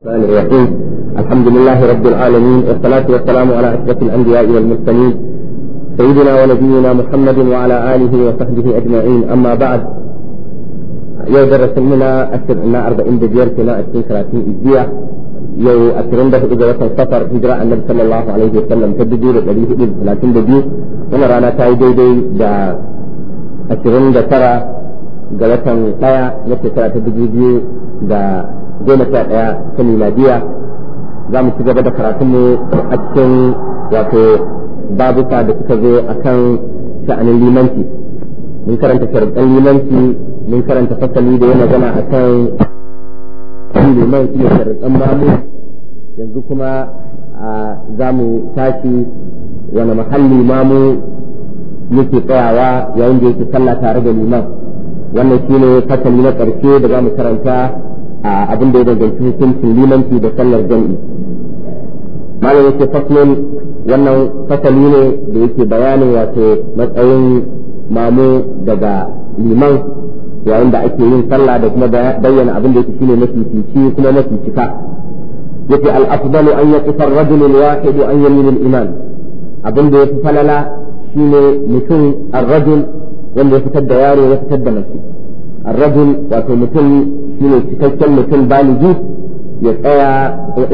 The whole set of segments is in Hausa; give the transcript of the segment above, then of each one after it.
الرحمن الرحيم الحمد لله رب العالمين والصلاة والسلام على أشرف الأنبياء والمرسلين سيدنا ونبينا محمد وعلى آله وصحبه أجمعين أما بعد يو درس لنا أشر أن أربعين بجير كنا أشرين ثلاثين إجزية يو أشرين ده إذا وصل سفر هجرة النبي صلى الله عليه وسلم تبدير الذي هجر ثلاثين بجير ونرانا تاي دي دي دا أشرين ده ترى جلسة مطايا نفس ثلاثة بجير دا goma sha ɗaya ta miladiya za mu ci gaba da karatunmu a cikin wato babuka da suka zo a kan sha'anin limanci mun karanta sharuɗan limanci mun karanta fasali da ya magana a kan liman shi ne mamu yanzu kuma za mu tashi wani mahalli mamu yake tsayawa yayin da yake sallah tare da liman wannan shine fasali na ƙarshe da za mu karanta abin da ya danganci hukuncin limanci da sallar jam'i malam yake fasalin wannan fasali ne da yake bayanin wato matsayin mamu daga liman yayin da ake yin sallah da kuma bayyana abin da yake shine mafi fici kuma mafi cika yake al afdal an yaqifa ar rajul al-wahid an yamin al-iman abin da yake falala shine mutum ar-rajul wanda ya fitar da yaro ya fitar da mace ar-rajul wato mutum shi ne cikakken mutum baligi ya tsaya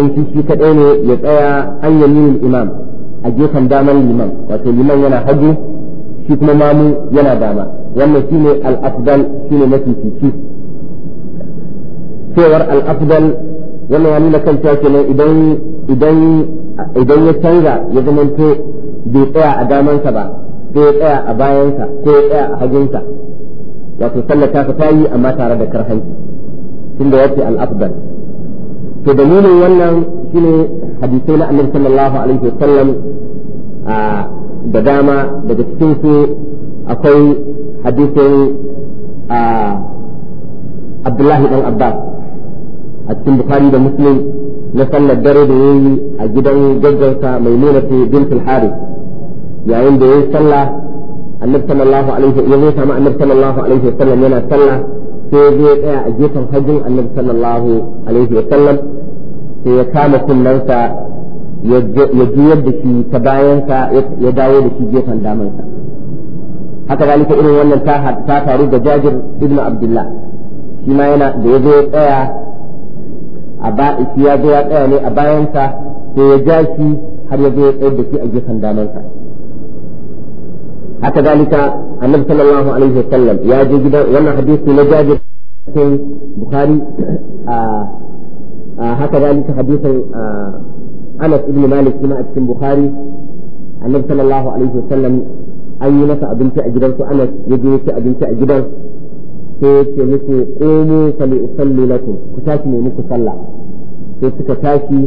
in shi shi kaɗai ne ya tsaya an yaminin imam a gefen daman liman wato liman yana hagu shi kuma mamu yana dama wannan shi ne al'afdal shi ne mafi cewar al'afdal wannan ya nuna kan cewa kenan idan idan idan ya canza ya zamanto bai tsaya a damansa ba sai ya tsaya a bayansa ko ya tsaya a hagunsa wato sallah ta ta yi amma tare da karhanci tunda yace al-afdal to dalilin wannan shine hadisai na annabi sallallahu alaihi wasallam da dama daga cikin su akwai hadisin Abdullahi dan Abbas a cikin Bukhari da Muslim na sallar dare da yayi a gidan gaggarsa Maimunatu bint al-Harith yayin da yayi sallah annabi sallallahu alaihi ya zo sama annabi sallallahu alaihi wasallam yana sallah sai zai tsaya a gefen hajjin annabi sallallahu alaihi wa sallam sai ya kama kunnansa ya juyar da shi ta bayansa ya dawo da shi gefen damansa haka zalika irin wannan ta faru da jajir ibn abdullah shi ma yana da ya zo ya tsaya a ba ya zo ya tsaya ne a bayansa sai ya ja shi har ya zo ya tsayar da shi a gefen damansa haka zalika annabi sallallahu alaihi wa wasallam ya je gidan wannan hadisi na jabir cikin bukhari haka zalika hadisin anas ibn malik kuma a cikin bukhari annabi sallallahu alaihi wasallam an yi masa abinci a gidansu anas ya je ci abinci a gidan sai ya ce musu qumu fa li usalli lakum ku tashi ne muku sallah sai suka tashi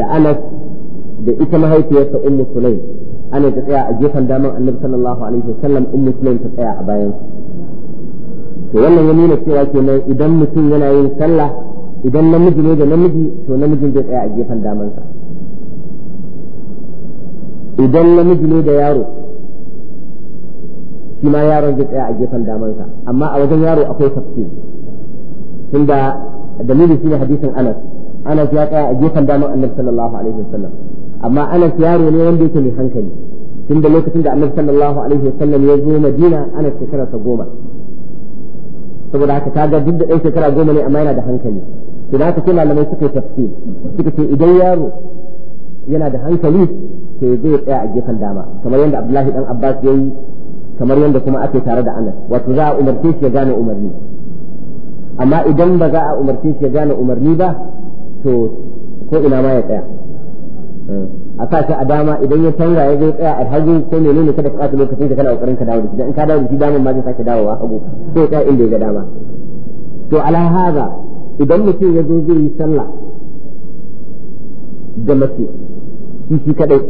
da anas da ita mahaifiyarsa ummu sulaim ana ta tsaya a gefen daman annabi sallallahu alaihi wasallam in musulun ta tsaya a bayan to wannan ya nuna cewa kenan idan mutum yana yin sallah idan namiji ne da namiji to namijin zai tsaya a gefen damansa idan namiji ne da yaro shi ma yaron zai tsaya a gefen damansa amma a wajen yaro akwai tafsir tunda dalilin shi ne hadisin anas anas ya tsaya a gefen daman annabi sallallahu alaihi wasallam amma Anas yaro ne wanda yake mai hankali tun da lokacin da Annabi sallallahu alaihi wasallam ya zo Madina Anas shekara sa goma saboda haka ga duk da ɗan shekara goma ne amma yana da hankali to da haka sai malamai suka yi tafsir suka ce idan yaro yana da hankali to ya zo ya tsaya a gefen dama kamar yadda Abdullahi dan Abbas ya yi kamar yadda kuma ake tare da Anas wato za a umarce shi ya gane umarni amma idan ba za a umarce shi ya gane umarni ba to ko ina ma ya tsaya a sa shi a dama idan ya canza ya zai tsaya a hagu ne ne kada ka ɓata lokacin da kana kokarin ka dawo da shi in ka dawo da shi daman ma zai sake dawowa hagu sai ya tsaya inda ya ga dama to ala haza idan mutum ya zo zai yi sallah da mace shi shi kadai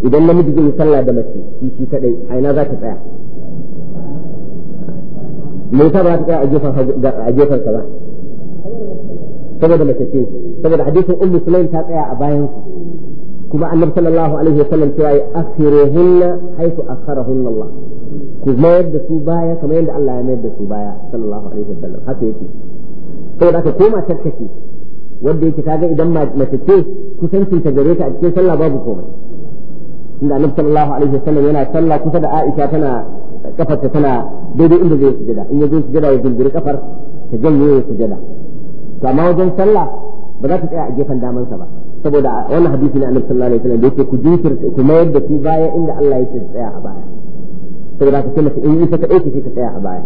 idan namiji zai yi sallah da mace shi shi kadai a ina za ta tsaya me yasa ba ta tsaya a gefen a gefen ba saboda mace ce saboda hadisin ummu sulaim ta tsaya a bayan su Kuma sallallahu alaihi كما أن صلى الله عليه وسلم تعالى أخرهن حيث أخرهن الله كما يبدأ سبايا كما يبدأ الله يبدأ سبايا صلى الله عليه وسلم حتى يتي saboda haka ko matar kake wanda yake kaga idan mace ce kusancin ta gare ta a cikin sallah babu komai inda annabi sallallahu alaihi wa sallam yana sallah kusa da Aisha tana kafarta tana daidai inda zai sujada in ya je sujada ya gingiri kafar ta janye ya sujada to amma wajen sallah ba za ta tsaya a gefen damansa ba saboda wannan hadisi na annabi sallallahu alaihi wasallam da yake ku jinkir ku mayar da su baya inda Allah yake tsaya a baya saboda ka kuma masa in isa ka dauke ka tsaya a baya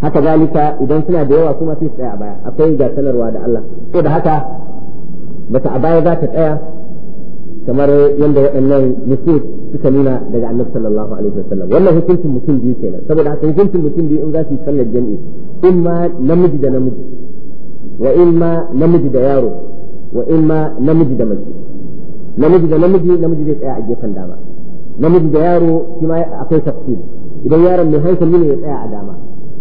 haka zalika idan suna da yawa kuma sai tsaya a baya akwai ga sanarwa da Allah to da haka bata a baya za ta tsaya kamar yadda waɗannan nusus suka nuna daga annabi sallallahu alaihi wasallam wannan hukuncin mutum biyu kenan saboda haka hukuncin mutum biyu in za su yi sallar jami'i in ma namiji da namiji wa in ma namiji da yaro wa ma namiji da mace namiji da namiji namiji zai tsaya a gefen dama namiji da yaro shi ma akwai tafsir idan yaron mai hankali ne ya tsaya a dama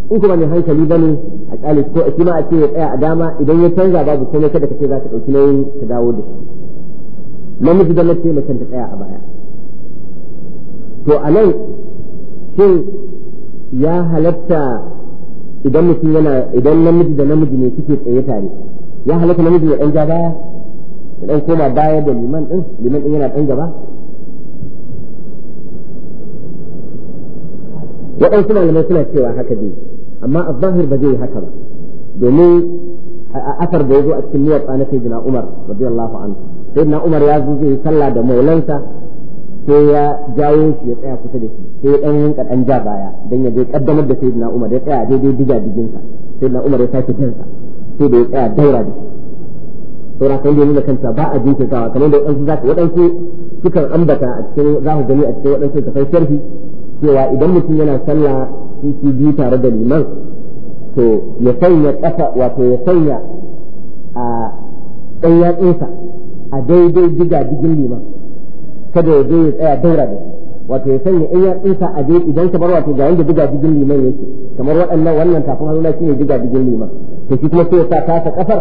in kuma mai hankali bane a kyale ko shi ma a ce ya tsaya a dama idan ya canza babu komai kada ce za ka dauki nauyin ka dawo da shi namiji da mace mace ta tsaya a baya to a nan shin ya halatta idan mutum yana idan namiji da namiji ne suke tsaye tare ya halatta namiji ya dan ja baya ya ɗan koma baya da liman ɗin liman ɗin yana ɗan gaba waɗansu malamai suna cewa haka dai amma a zahir ba zai yi haka ba domin asar da ya zo a cikin niyyar tsana sai jina umar radiyallahu anhu sai na umar ya zo zai yi sallah da maulansa sai ya jawo shi ya tsaya kusa da shi sai ya ɗan yanka ɗan ja baya don ya je kaddamar da sai jina umar ya tsaya daidai diga diginsa sai na umar ya sake jansa sai da ya tsaya daura da saura kan nuna kanta ba a jinkirtawa kamar da waɗansu zaka waɗansu sukan ambata a cikin za ku gani a cikin waɗansu tafai sharhi cewa idan mutum yana sallah su su biyu tare da liman to ya sanya ƙasa wato ya sanya a ɗan yatsunsa a daidai diga digin liman kada ya je ya tsaya daura da wato ya sanya ɗan yatsunsa a daidai idan kamar wato ga yanda diga digin liman yake kamar waɗannan wannan tafin hannuna shine diga digin liman to shi kuma sai ya sa tasa kafar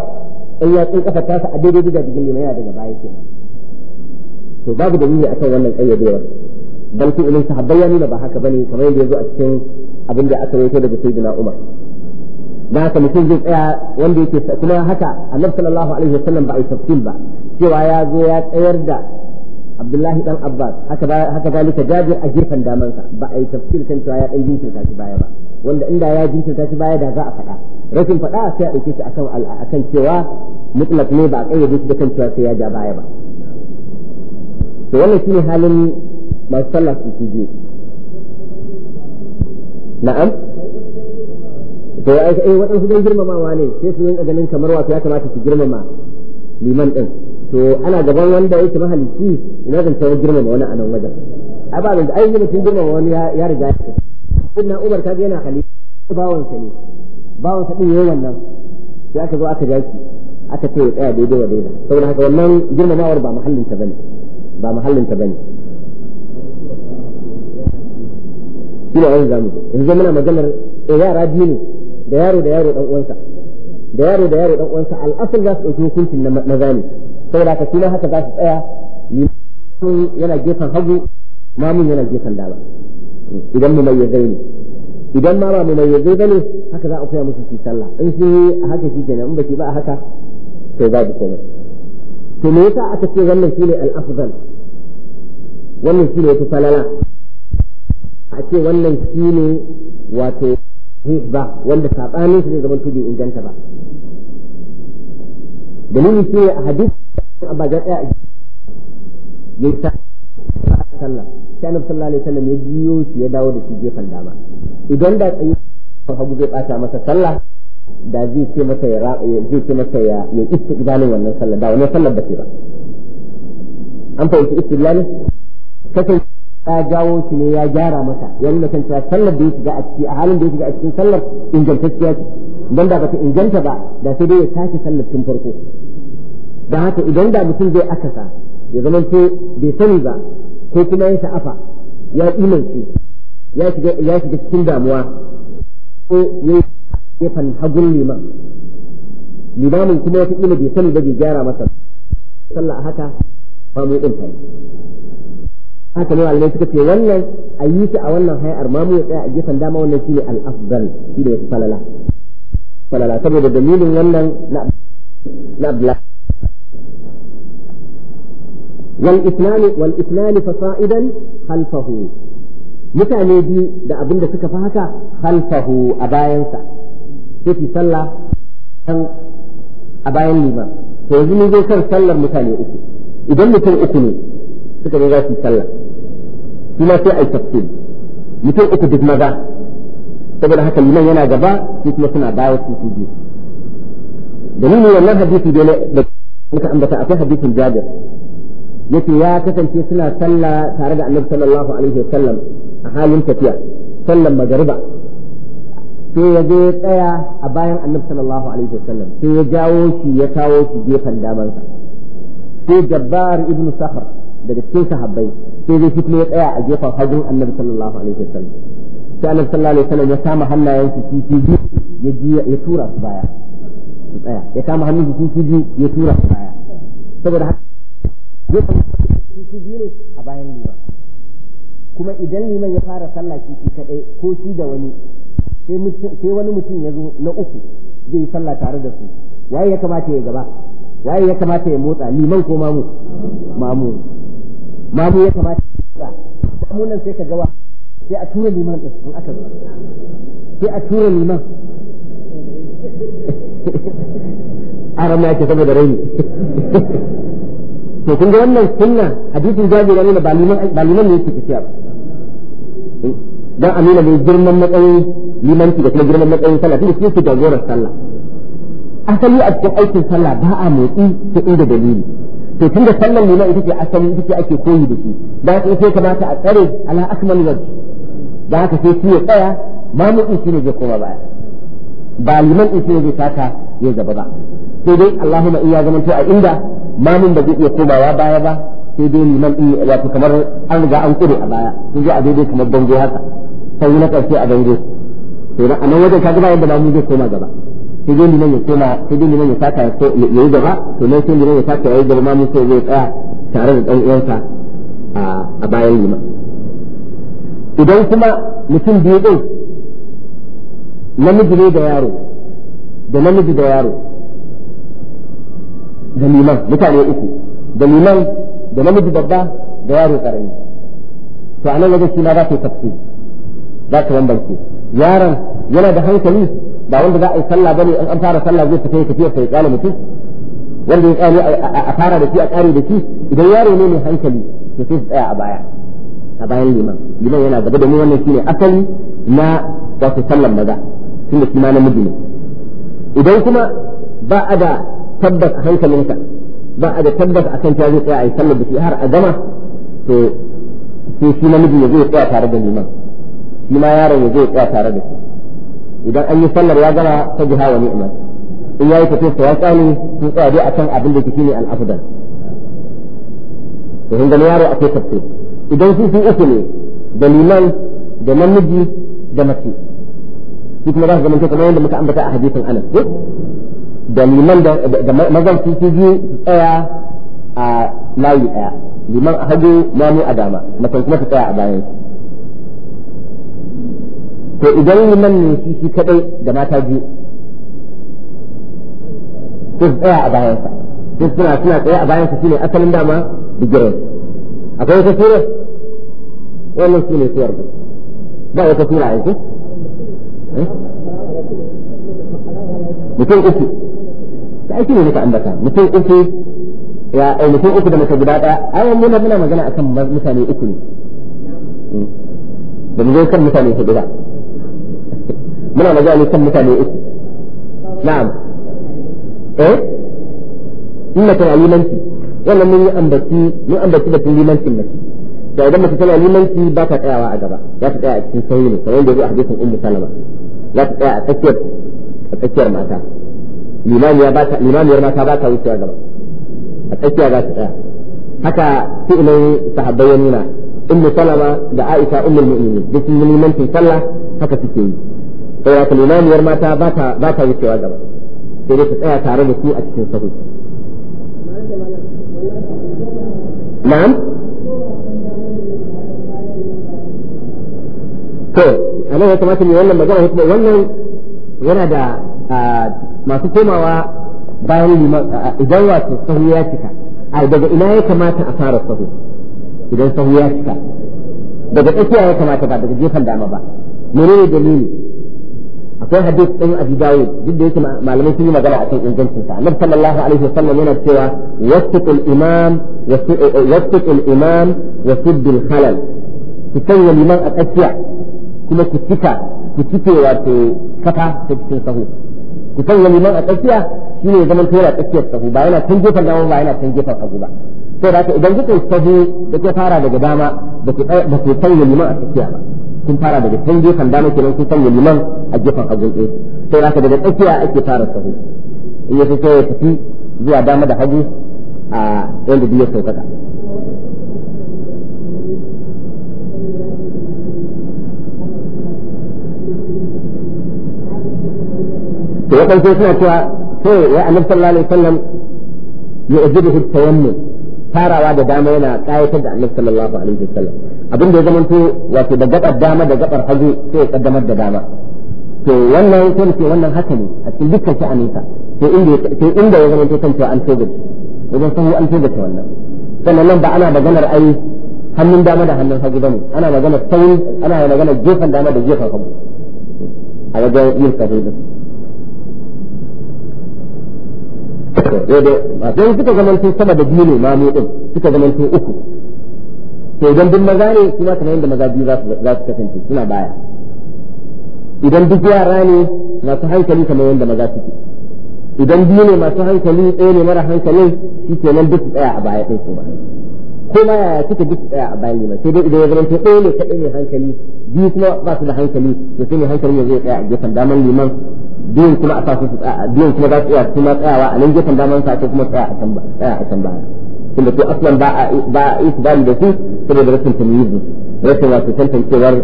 in ya tsin kafar tasa a daidai daga jikin limai daga baya to babu dalili akan wannan kayyadewar bal fi ilin sahabbai ya nuna ba haka bane kamar yadda yazo a cikin abin da aka rawaito daga sayyidina Umar da haka mutum zai tsaya wanda yake kuma haka annabi sallallahu alaihi wasallam ba a tafsil ba cewa ya zo ya tsayar da Abdullahi dan Abbas haka haka zalika Jabir a gefen damansa ba a yi tafsir kan cewa ya dan jinkirta shi baya ba wanda inda ya jinkirta shi baya da za a faɗa rashin faɗa sai a ɗauke shi akan akan cewa mutlaq ne ba a kayyade shi da kan cewa sai ya ja baya ba to wannan shine halin masu sallah su biyu na'am to ya aika eh waɗansu don girmamawa ne sai su rinka ganin kamar wato ya kamata su girmama liman ɗin to ana gaban wanda yake mahalicci ina zan tawo girmama wani a nan wajen a ba da ai mutum girmama wani ya riga ya na Umar kaga yana halitta bawansa ne bawan sa din yayin wannan sai aka zo aka jaki aka ce ya tsaya daidai wa daidai saboda haka wannan girmamawar ba muhallin ta bane ba muhallin ta bane shine yin zamu zo yanzu muna maganar yara biyu da yaro da yaro dan uwansa da yaro da yaro dan uwansa al'asar za su dauki hukuncin na mazani saboda haka shi haka za su tsaya yana gefen hagu mamun yana gefen dama idan mu mai zaini idan ma ba mu mai yanzu bane haka za a koya musu su sallah in sun a haka shi kenan in baki ba a haka sai babu komai to me yasa aka ce wannan shine al-afdal wannan shine yafi falala a ce wannan shine wato ba wanda sabanin shi zai zama tudi inganta ba dalili shine a hadisi abba ga ya yi sallah sai annabi sallallahu alaihi wasallam ya biyo shi ya dawo da shi gefen dama idan da tsayi hagu zai bata masa sallah da zai ce masa ya zai ce masa ya ya istiqbalin wannan sallah da wannan sallah bace ba an fahimci istiqbal kasan ya jawo shi ne ya gyara masa yayin da kanta sallah sallar da ya ga a ciki a halin da ya ga a cikin sallar ingantacciya ce da bata inganta ba da sai dai ya sake sallar tun farko da haka idan da mutum zai akasa ya zama bai sani ba ko kuma ya sha'afa ya imance ya shiga cikin damuwa ko ya ya fan hagun liman limamin kuma wata kila bai sani ba bai gyara masa sallah haka ba mu din kai haka ne malamai suka ce wannan a yi shi a wannan hayar ma mu tsaya a gefen dama wannan shine al-afdal shine ya falala falala saboda dalilin wannan na na abdullah wal islam wal islam fasa'idan khalfahu mutane biyu da abin da suka fi haka halfahu a bayansa sai fi sallah kan a bayan liman to yanzu ne zai kan sallar mutane uku idan mutum uku ne suka zo za su sallah shi ma sai a yi tafsir mutum uku duk maza saboda haka liman yana gaba sai kuma suna baya su su biyu dalilin wannan hadisi da muka ambata akwai hadisin jabir yace ya kasance suna sallah tare da annabi sallallahu alaihi wasallam a halin tafiya sallan magariba sai ya je tsaya a bayan annabi sallallahu alaihi wasallam sai ya jawo shi ya kawo shi gefen damansa sai jabbar ibnu sahar daga cikin sahabbai sai zai fito ya tsaya a gefen hagun annabi sallallahu alaihi wasallam sai annabi sallallahu alaihi wasallam ya kama hannayen su su biyu ya ya tura su baya su tsaya ya kama hannun su su ji ya tura su baya saboda haka su biyu ne a bayan liman kuma idan liman ya fara sallah shi shi kadai ko shi da wani sai wani mutum ya zo na uku zai yi sallah tare da su waye ya kamata ya gaba waye ya kamata ya motsa liman ko mamu mamu mamu ya kamata ya motsa mamu nan sai ka gawa sai a tura liman din in aka zo sai a tura liman a ranar yake saboda raini to kun ga wannan sunna hadisin jabir ne ba liman ba liman ne yake tafiya ba dan amina ne girman matsayin limanci da kuma girman matsayin sallah duk shi ke jagorar sallah asali a cikin aikin sallah ba a motsi ta inda dalili to tunda sallar liman ita ce asali ita ce ake koyi da shi da sai sai kamata a tsare ala akmal wajh da haka sai shi ya tsaya mamu'in shi ne zai koma baya ba liman in shi ne zai taka ya gaba ba sai dai Allahumma iya to a inda mamun ba zai iya komawa baya ba sai dai liman in wato kamar an riga an kure a baya sai dai a daidai kamar bango haka sai na karshe a bango to na anan wajen kaga ba yadda mun zai koma gaba sai dai liman ya koma sai dai liman ya saka ya yi gaba to nan sai liman ya saka ya yi gaba mamun sai zai tsaya tare da dan uwansa a bayan liman idan kuma mutum biyu din namiji ne da yaro da namiji da yaro da liman mutane uku da liman da namiji babba da yaro karami to anan wajen shi ma za ta tafi tafsir za ta bambance yaron yana da hankali ba wanda za a yi sallah bane in an fara sallah zai fita ya tafiya sai kala mutum wanda ya kare a fara da shi a kare da shi idan yaro ne mai hankali to sai su tsaya a baya a bayan liman liman yana gaba da mu wannan shine asali na wato sallan maza tunda shi ma namiji ne idan kuma ba a da tabbas a hankalinka ba a da tabbas a kan zai tsaya a yi sallar da shi har a gama to sai shi namiji ya zai tsaya tare da liman shi ma yaron ya zai tsaya tare da shi idan an yi sallar ya gama ta jiha wa ni'imar in ya yi tafiya ya tsani sun tsaya dai akan abin da shi ne al'afdal to hin gani yaro akwai tafsir idan su sun uku ne da liman da namiji da mace shi kuma za su zama kamar yadda muka ambata a hadisin anas da liman da mazan su su biyu tsaya a layi daya liman a hagu mamu a dama mace kuma su tsaya a bayan su to idan liman ne shi shi kadai da mata biyu sai su tsaya a bayan sa sai suna suna tsaye a bayan bayansa shine asalin dama bigiran akwai wata sura wannan su ne suwar ba wata sura yanzu eh? mutum uku da ake ne ka ambata mutum uku ya ai eh, mutum uku da mutum guda daya ai wannan muna muna magana akan mutane uku ne da hmm. mu kan mutane su ba muna magana ne kan mutane uku na'am eh inna ta alimanci wannan mun yi ambaci mun ambaci da limancin mace da idan mace tana limanci ba ta tsayawa a gaba za ta tsaya a cikin sauri ne kamar yadda zai a hadisin ummu salama za ta tsaya a tsakiyar a tsakiyar mata limamiya ba ta limamiyar mata ba ta wucewa gaba a tsakiya za ta tsaya haka fi'ilin sahabbai ya nuna ummu salama da aisha ummul mu'minin duk sun limanci sallah haka suke yi saboda wata limamiyar mata ba ta wuce a wucewa gaba sai dai su tsaya tare da su a cikin sahu na'am to a nan ya kamata ne wannan magana wannan yana da masu komawa bayan idan wato sahu ya cika a daga ina ya kamata a fara sahu idan sahu ya cika daga tsakiya ya kamata ba daga gefen dama ba menene dalili akwai hadith ɗin abi dawud duk da yake malamai sun yi magana akan ingancin sa annabi sallallahu alaihi wasallam yana cewa wattaqul imam eh, eh, wattaqul imam wa suddul khalal ku sanya liman a tsakiya kuma ku cika ku cike wato kafa ta cikin sahu ku sanya liman a tsakiya shi ne zaman tura tsakiyar sahu ba yana can gefen dama ba yana can gefen hagu ba sai da idan kuka sahu da ke fara daga dama da ku sanya liman a tsakiya ba sun fara daga can gefen dama kenan kun sanya liman a gefen hagu ɗaya sai da daga tsakiya ake fara sahu in ya fito ya tafi zuwa dama da hagu a yanda biyar ya sauƙaƙa to waɗansu suna cewa sai ya annabi sallallahu alaihi wasallam ya ajibu tayammum farawa da dama yana kayatar da annabi sallallahu alaihi wasallam abin da ya zama to wato da gabar dama da gabar hagu sai ya kaddamar da dama to wannan sai ce wannan haka ne a cikin dukkan sha'aninsa to inda to inda ya zama to kan cewa an tobe idan sahu an tobe wannan sannan nan ba ana maganar ai hannun dama da hannun hagu bane ana maganar sahu ana maganar gefen dama da gefen hagu a wajen yin sahu Eh, sai suka zamanto sama da biyu ne mamu din suka zamanto uku to idan duk maza ne kuma kamar yadda maza biyu za su kasance suna baya idan duk yara ne masu hankali kamar yadda maza suke idan biyu ne masu hankali ɗaya ne mara hankali shi ke nan duk tsaya a baya ɗin kuma ko ma yaya suke duk tsaya a bayan liman sai dai idan ya zamanto ɗaya ne kaɗai ne hankali biyu kuma ba su da hankali to sai ne hankali ya zai tsaya a gefen daman liman biyun kuma a sa su biyun kuma za su iya kuma tsayawa a nan gefen daman sa ko kuma tsaya a can ba tsaya a can tunda ko aslan ba a ba a isbali da su saboda rashin tamyiz rashin wato tantancewar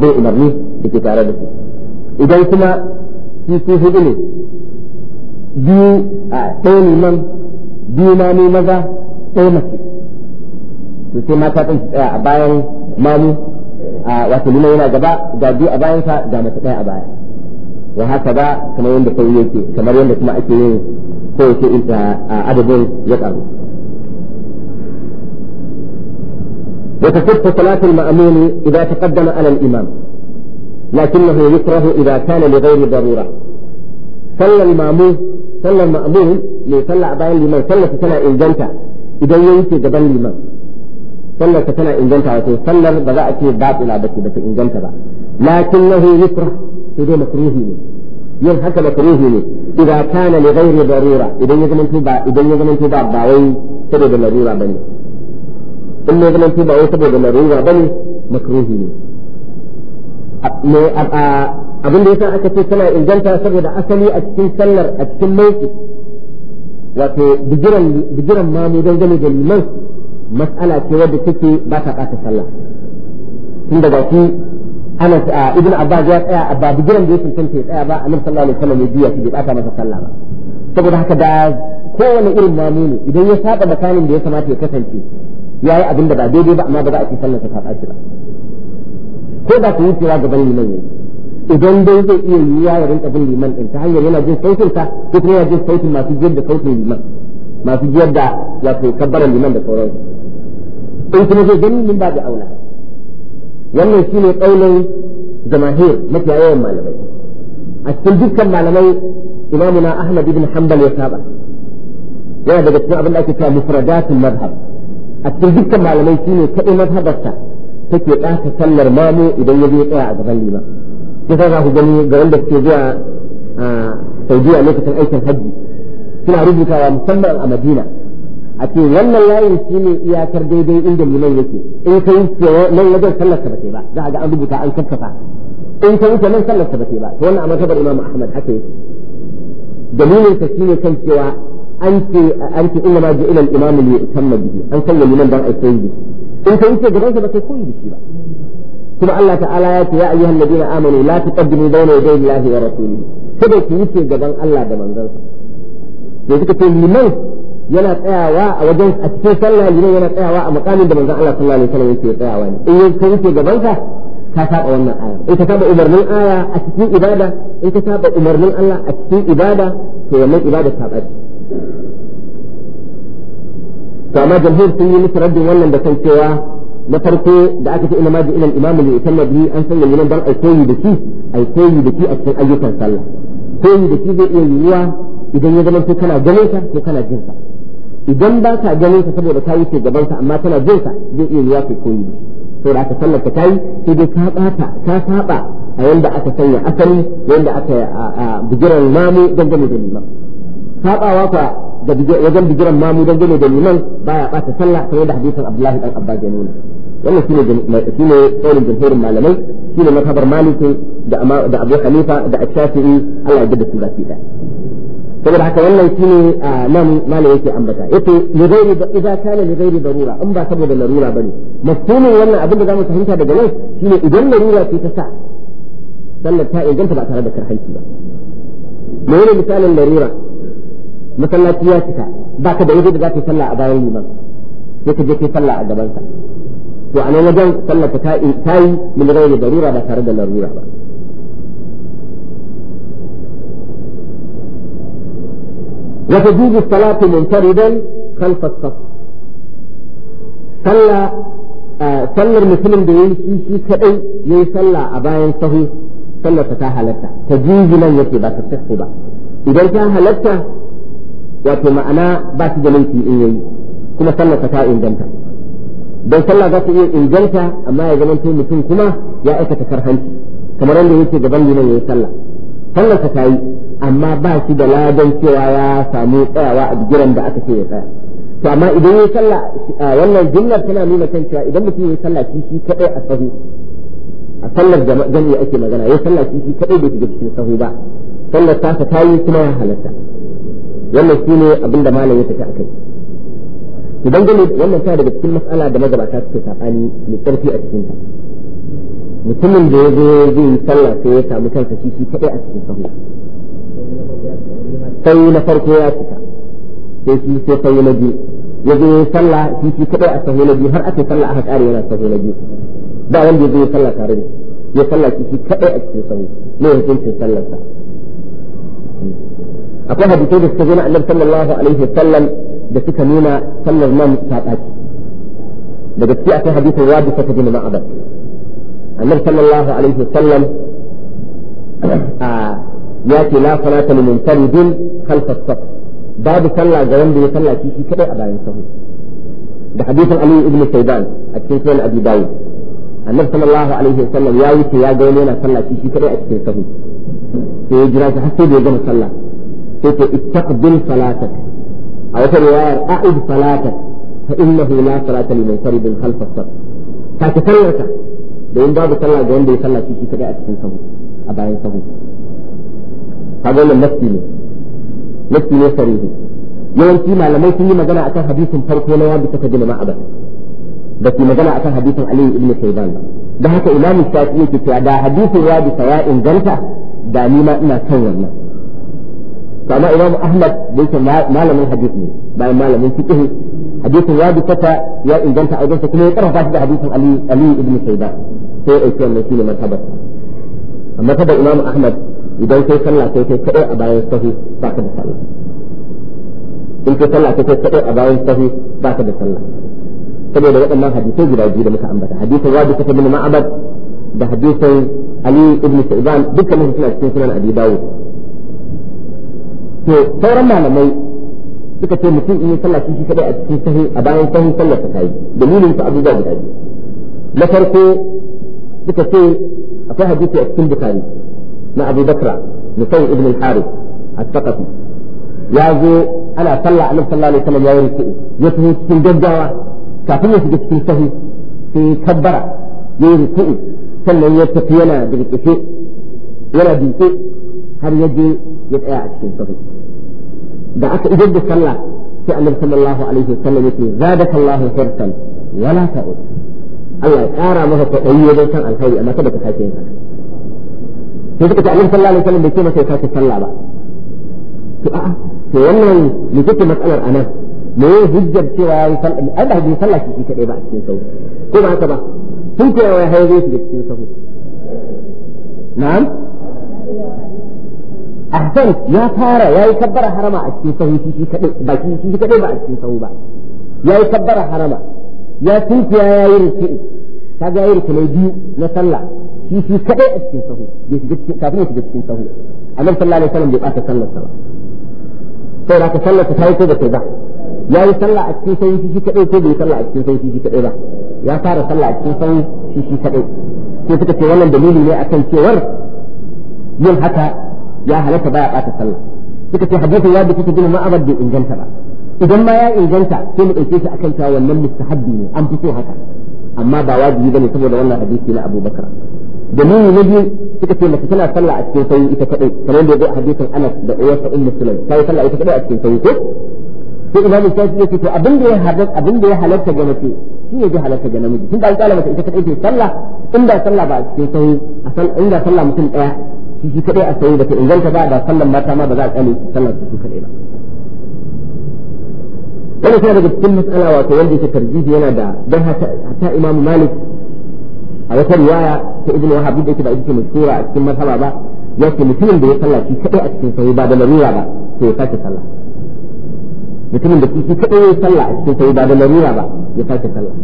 bai umarni da ke tare da su idan kuma su su hudu ne biyu a ɗaya liman biyu ma ne maza ɗaya mace to sai mata ɗin su tsaya a bayan mamu wato liman yana gaba ga biyu a bayansa ga mace ɗaya a baya wa haka ba kamar yadda kai yake kamar yadda kuma ake yin ko yake a adadin ya karu wa tafutta salatul ma'amuni idza taqaddama ala al imam lakinnahu yukrahu idza kana li ghairi darura sallal ma'mum sallal ma'mum li salla a bayan liman sallar ta tana inganta idan yayi ke gaban liman sallar ta tana inganta wato sallar ba za a ce batila ba ce ba ta inganta ba lakinnahu yukrahu sai makruhi ne yin haka makruhi ne idan kana li ghairi darura idan ya zamanto ba idan ya zamanto ba ba wai saboda larura bane in zamanto ba wai saboda larura bane makruhi ne abin da yasa aka ce tana inganta saboda asali a cikin sallar a cikin mauki wato bigiran bigiran mamu da liman mas'ala ce take ba kasa sallah tun Anas ibn Abbas ya tsaya a babu gidan da ya cancanta ya tsaya ba Annabi sallallahu alaihi wasallam ya biya shi bai bata masa sallah ba saboda haka da kowane irin ne idan ya saba makanin da ya kamata ya kasance ya yi abin da ba daidai ba amma ba za a ci sallar ta faɗa shi ba ko da ku cewa gaban liman ne idan dai zai iya yi ya yi rinka bin liman ɗin ta hanyar yana jin sautin ta ko kuma yana jin sautin masu jiyar da sautin liman masu jiyar da wato kabbaran liman da sauransu in kuma zai gani min ba da aula wannan shine kaulin jamahir mafi yawan malamai a cikin dukkan malamai imamuna ahmad ibn hanbal ya saba yana daga cikin abin da ake cewa mufradatul madhhab a cikin dukkan malamai shine kadai madhabarsa take ɗata sallar mamu idan ya zo tsaya a gaban liman sai za ku gani ga wanda suke zuwa a Saudiya lokacin aikin hajji suna rubutawa musamman a Madina a ce wannan layin shi ne iyakar daidai inda liman yake in ka wuce nan wajen sallar ka ba za a ga an rubuta an kafafa in ka wuce nan sallar ka ba to wannan a matabar imam ahmad haka yake dalilin sa shine kan cewa an ce an ce inna ma ja'ila al-imamu li yutamma bihi an sanya nan dan ai sai in ka wuce gaban sa ba kai koyi da shi ba kuma Allah ta'ala ya ce ya ayyuhal ladina amanu la taqaddimu bayna yaday Allahi wa rasulihi kada ki wuce gaban Allah da manzon sa sai suka ce liman yana tsayawa a wajen a cikin sallah ne yana tsayawa a makamin da manzon Allah sallallahu alaihi wasallam yake tsayawa ne in yake yake gaban ka ka saba wannan aya in ka saba umarnin aya a cikin ibada in ka saba umarnin Allah a cikin ibada to wannan ibada ta bace to amma jamhur sun yi musu da wannan da kan cewa na farko da aka ce ina ma imamu li yutamma bihi an sanya liman dan aikoyi da shi aikoyi da shi a cikin ayyukan sallah koyi da shi zai iya yiwuwa idan ya zama kana ganin ka ko kana jin ka idan ba ta ganin sa saboda ka wuce gaban sa amma tana jin sa zai iya yiwa kai koyi to da aka sallar ka tayi sai dai ka bata ka saba a yanda aka sanya asali yanda aka bigiran mamu gane da liman sabawa ka wajen bigiran mamu gane da liman baya bata sallah kamar da hadisin Abdullahi dan abba ya nuna wannan shine shine tsarin jamhurin malamai shine mazhabar Malik da da Abu khalifa da Ash-Shafi'i Allah ya gida su baki da saboda haka wannan shine nan malai yake ambata yace li ghairi idza kana li ghairi darura in ba saboda larura bane mafhumin wannan abin da zamu fahimta daga nan shine idan larura ce ta sa sallar ta inganta ba tare da karhanci ba me ne misalin larura masallaci ya cika baka da wajen da zaka yi sallah a bayan liman sai ka je kai sallah a gaban sa to a nan wajen sallar ta ta yi min ghairi darura ba tare da larura ba وتجوز الصلاة منفردا خلف الصف صلى sallar mutumin da ya yi shi kadai ya yi sallah a bayan sahu sallar ta halatta ta nan yake ba ta sassu ba idan ta halatta wato ma'ana ba kuma sallar ta inganta don sallah za ta iya inganta amma ya zama mutum kuma ya aikata karhanci kamar wanda yake gaban liman ya yi sallah ta ta yi amma ba shi da ladan cewa ya samu tsayawa a bigiran da aka ce ya tsaya to amma idan ya sallah wannan jumlar tana nuna kan cewa idan mutum ya sallah shi shi kadai a sahu a sallar jami'a ake magana ya sallah shi shi kadai bai shiga cikin sahu ba sallar tasa ta yi kuma ya halatta wannan shine abin da malam ya tafi akai idan gani wannan tana daga cikin matsala da magabata suke sabani mai karfi a cikin ta mutumin da ya zo zai yi sallah sai ya samu kansa shi shi kadai a cikin sahu sai na farko ya cika sai shi sai sai na biyu ya zo sallah shi shi kadai a sahu na biyu har aka sallah aka kare yana sahu na biyu ba wanda ya zo sallah tare da ya sallah shi shi kadai a cikin sahu ne ya sallar sa. akwai hadisai da suka zo na annabi sallallahu alaihi wasallam da suka nuna sallar nan ta ɗaki daga ciki akwai hadisin wadi ta bin ma'abar annabi sallallahu alaihi wasallam a ياتي لا صلاة لمنفرد خلف الصف باب صلى جوان بن صلى شيء شيء كده أبا ينسوه بحديث حديث علي ابن سيدان أكتن أبي داود النبي صلى الله عليه وسلم يا ويت يا جوان بن صلى شيء شيء كده أكتن سهو في جراس حسيب يجب صلى اتقبل صلاتك أو في رواية أعد صلاتك فإنه لا صلاة لمنفرد خلف الصف فاتسلرك لأن باب صلى جوان بن صلى شيء شيء كده أكتن سهو أبا ينسوه kaga wannan nafsi ne nafsi ne sarihi yawanci malamai sun yi magana akan hadisin farko na yadda suka gina ma'abar da su magana akan hadisin aliyu ibn shaiban da haka imamu shafi yake cewa da hadisin ya bisa ya inganta da ni ma ina kan wannan amma imamu ahmad da yake malamin hadisi ne bayan malamin fiqh hadisin ya bisa ta ya inganta a sa kuma ya karfafa shi da hadisin aliyu ibn shaiban sai ya aiki wannan shine martabar amma kada imamu ahmad idan kai sallah kai kai kadai a bayan sahu baka da sallah in kai sallah kai kai kadai a bayan sahu baka da sallah saboda waɗannan hadisai guda biyu da muka ambata hadisin wadi kafa bin ma'abad da hadisin ali ibn sa'ban dukkan su suna cikin sunan abi dawud to sauran malamai suka ce mutum in yi sallah shi shi kadai a cikin sahu a bayan sahu sallar ta kai dalilin su abubuwa guda biyu na farko suka ce akwai hadisi a cikin bukari na Abu Bakra Musaw ibn al-Harith al-Thaqafi ya zo ana sallah Annabi sallallahu alaihi wasallam ya yi ya tafi cikin gaggawa kafin ya shiga cikin sahu sai kabbara ya yi ruku'u sannan ya tafi yana dirƙishe yana dinke har ya je ya tsaya a cikin sahu da aka idan da sallah sai Annabi sallallahu alaihi wasallam yake zadakallahu hirsan wala ta'ud Allah ya ƙara maka kwaɗayi wajen san alkhairi amma kada ka sake yin haka sai suka ce annabi sallallahu alaihi wasallam bai ce masa ya sake sallah ba to a'a to wannan me kike matsalar anan me ya hujjar cewa yayi yi sallah ai ba bai sallah shi kadai ba a cikin sahu ko ba haka ba sun ce ya haye zai shiga cikin sahu na'am ahsan ya fara ya yi kabbara harama a cikin sahu shi kadai ba shi shi kadai ba a cikin sahu ba ya yi kabbara harama ya tunkiya ya yi ruku'u kaga ya yi rukunai biyu na sallah shi shi kadai a cikin sahu bai shiga cikin kafin ya shiga cikin sahu annabi sallallahu alaihi wasallam bai bata sallar sa ba sai da ka sallar ta yi ko ba ta ba ya yi sallah a cikin sahu shi shi kadai ko bai sallah a cikin sahu shi shi kadai ba ya fara sallah a cikin sahu shi shi kadai sai suka ce wannan dalili ne akan cewar yin haka ya halatta baya bata sallah suka ce hadisin ya bi kuka gina ma'abar bai inganta ba idan ma ya inganta sai mu ɗauke shi akan cewa wannan mustahabbi ne an fi so haka amma ba wajibi bane saboda wannan hadisi na Abu Bakar da dalili na biyu suka ce mace tana sallah a cikin sauri ita kadai kamar yadda ya zo a hadisin Anas da uwarsa Ummu Sulaim ta yi sallah ita kadai a cikin sauri ko sai imamu shafi yake to abin da ya halatta abin da ya halarta ga mace shi ne zai halatta ga namiji tunda an kala mace ita kadai ce sallah inda sallah ba a cikin sauri a sallah inda sallah mutum daya shi shi kadai a sauri da ta inganta ba da sallan mata ma ba za a kale sallah su kadai ba wannan suna daga cikin matsala wato wanda yake tarjihi yana da don hata imamu malik a wata riwaya ta ibn wahab da yake ba ita mashhura a cikin mazhaba ba yake mutumin da ya salla shi kadai a cikin sahi ba da larura ba to ya sake sallah mutumin da shi kadai ya salla a cikin sahi ba da larura ba ya sake sallah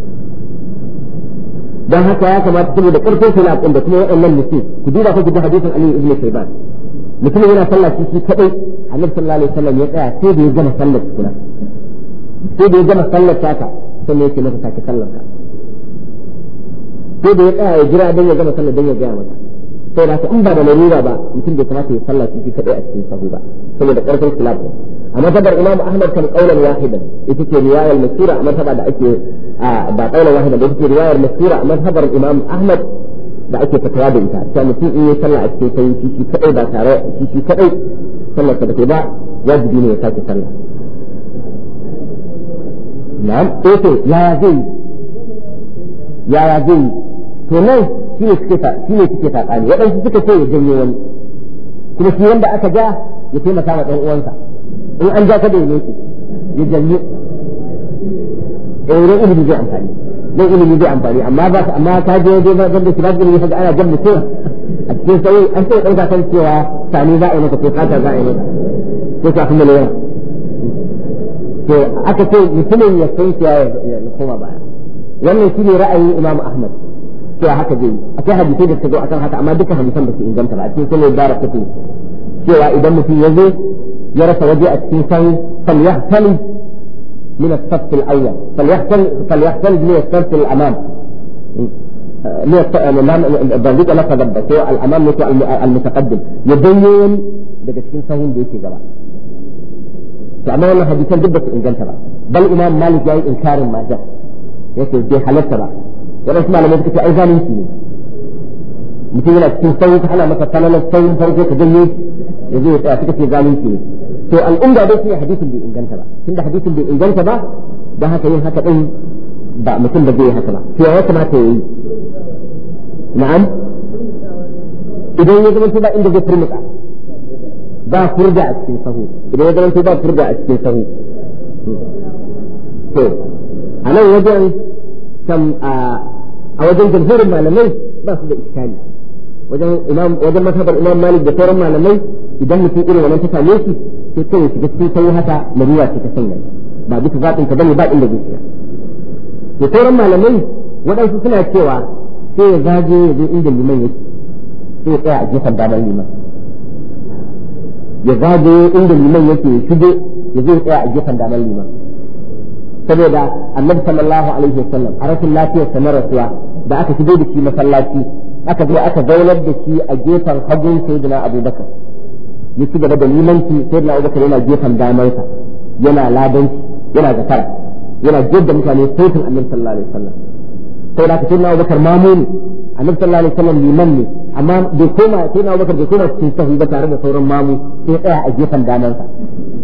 dan haka ya kamata saboda karfin sai na da kuma waɗannan mutum ku duba ku ga hadisin Ali ibn Shayban mutumin yana salla shi kadai Annabi sallallahu alaihi wasallam ya tsaya sai da ya gama sallar kuma sai da ya gama sallar ta ne yake masa sake sallar ka sai da ya tsaya ya jira don ya gama sallar don ya gaya mata sai da in ba da lalura ba mutum bai kamata ya sallah shi kadai a cikin sahu ba saboda karfin khilafu a matabar imam ahmad kan qaulan wahidan ita ce riwayar masura a mataba da ake ba qaulan wahidan ba ita ce riwayar masura a matabar imam ahmad da ake fatawa da ita cewa mutum in ya sallah a cikin sahu shi shi kadai ba tare shi shi kadai sallar sa ba wajibi ne ya sake sallah na'am ko eh to yaya zai yaya zai تناي كيف كيف كيف كيف كيف قال يا انت كيف تسوي جنون كل شيء يبدا اتجا يتم تعمل او انت ان ان جاك دي ليك يجني او رؤي بيجي عن ثاني لو اني بيجي عن ثاني اما بس اما تاجي دي ما جنب سلاك اللي يفق على جنب سوى اكيد سوي انت انت كان سوى ثاني ذا انا كنت قاعد ذا انا كيف اخذ مليون اكيد مثل يستنسى يا الامام احمد cewa haka zai akwai hadisai da suka zo akan haka amma duka hadisan ba su inganta ba a cikin sunan dara kutu cewa idan mutum ya zo ya rasa waje a cikin san falyahtali min as-saff al-awwal falyahtali falyahtali min as-saff al-amam ضربت لك ضربت الامام المتقدم يبين daga cikin sahun da yake gaba to amma wannan hadisan duk ba su inganta ba bal imam malik yayi inkarin ma da yake bai halatta ba waɗansu malamai suka ce ai zalunci ne mutum yana cikin sauri ka hana masa kananan saurin farko ka janye ya zo ya tsaya suka ce zalunci ne to al'umma dai shine hadisin bai inganta ba tunda hadisin bai inganta ba da haka yin haka din ba mutum ba zai yi haka ba to ya kamata ya yi na'am idan ya zama ba inda zai furmuka ba furda a cikin sahu idan ya zama ba furda a cikin sahu to a nan wajen a wajen jamhurin malamai ba su da iskali wajen masabar wajen mazhabar imam malik da sauran malamai idan mutum irin wannan ta same shi sai kai shiga cikin sanyi haka larura ce ta sanya ba bisa zaɓin ka bane ba inda zuciya to sauran malamai waɗansu suna cewa sai ya zage ya zo inda liman yake sai ya tsaya a gefen ya ya ya a gefen daban liman saboda annabi sallallahu alaihi wasallam a rashin lafiyar sa na rasuwa da aka shigo da shi masallaci aka zo aka zaunar da shi a gefen hagun sayyidina abubakar ya ci gaba da limanci sayyidina abubakar yana gefen damarsa yana ladanci yana zakara yana jidda mutane sautin annabi sallallahu alaihi wasallam sai da sayyidina abubakar mamuni annabi sallallahu alaihi wasallam liman ne amma bai koma sayyidina abubakar bai koma cikin sahu ba tare da sauran mamu sai tsaya a gefen damarsa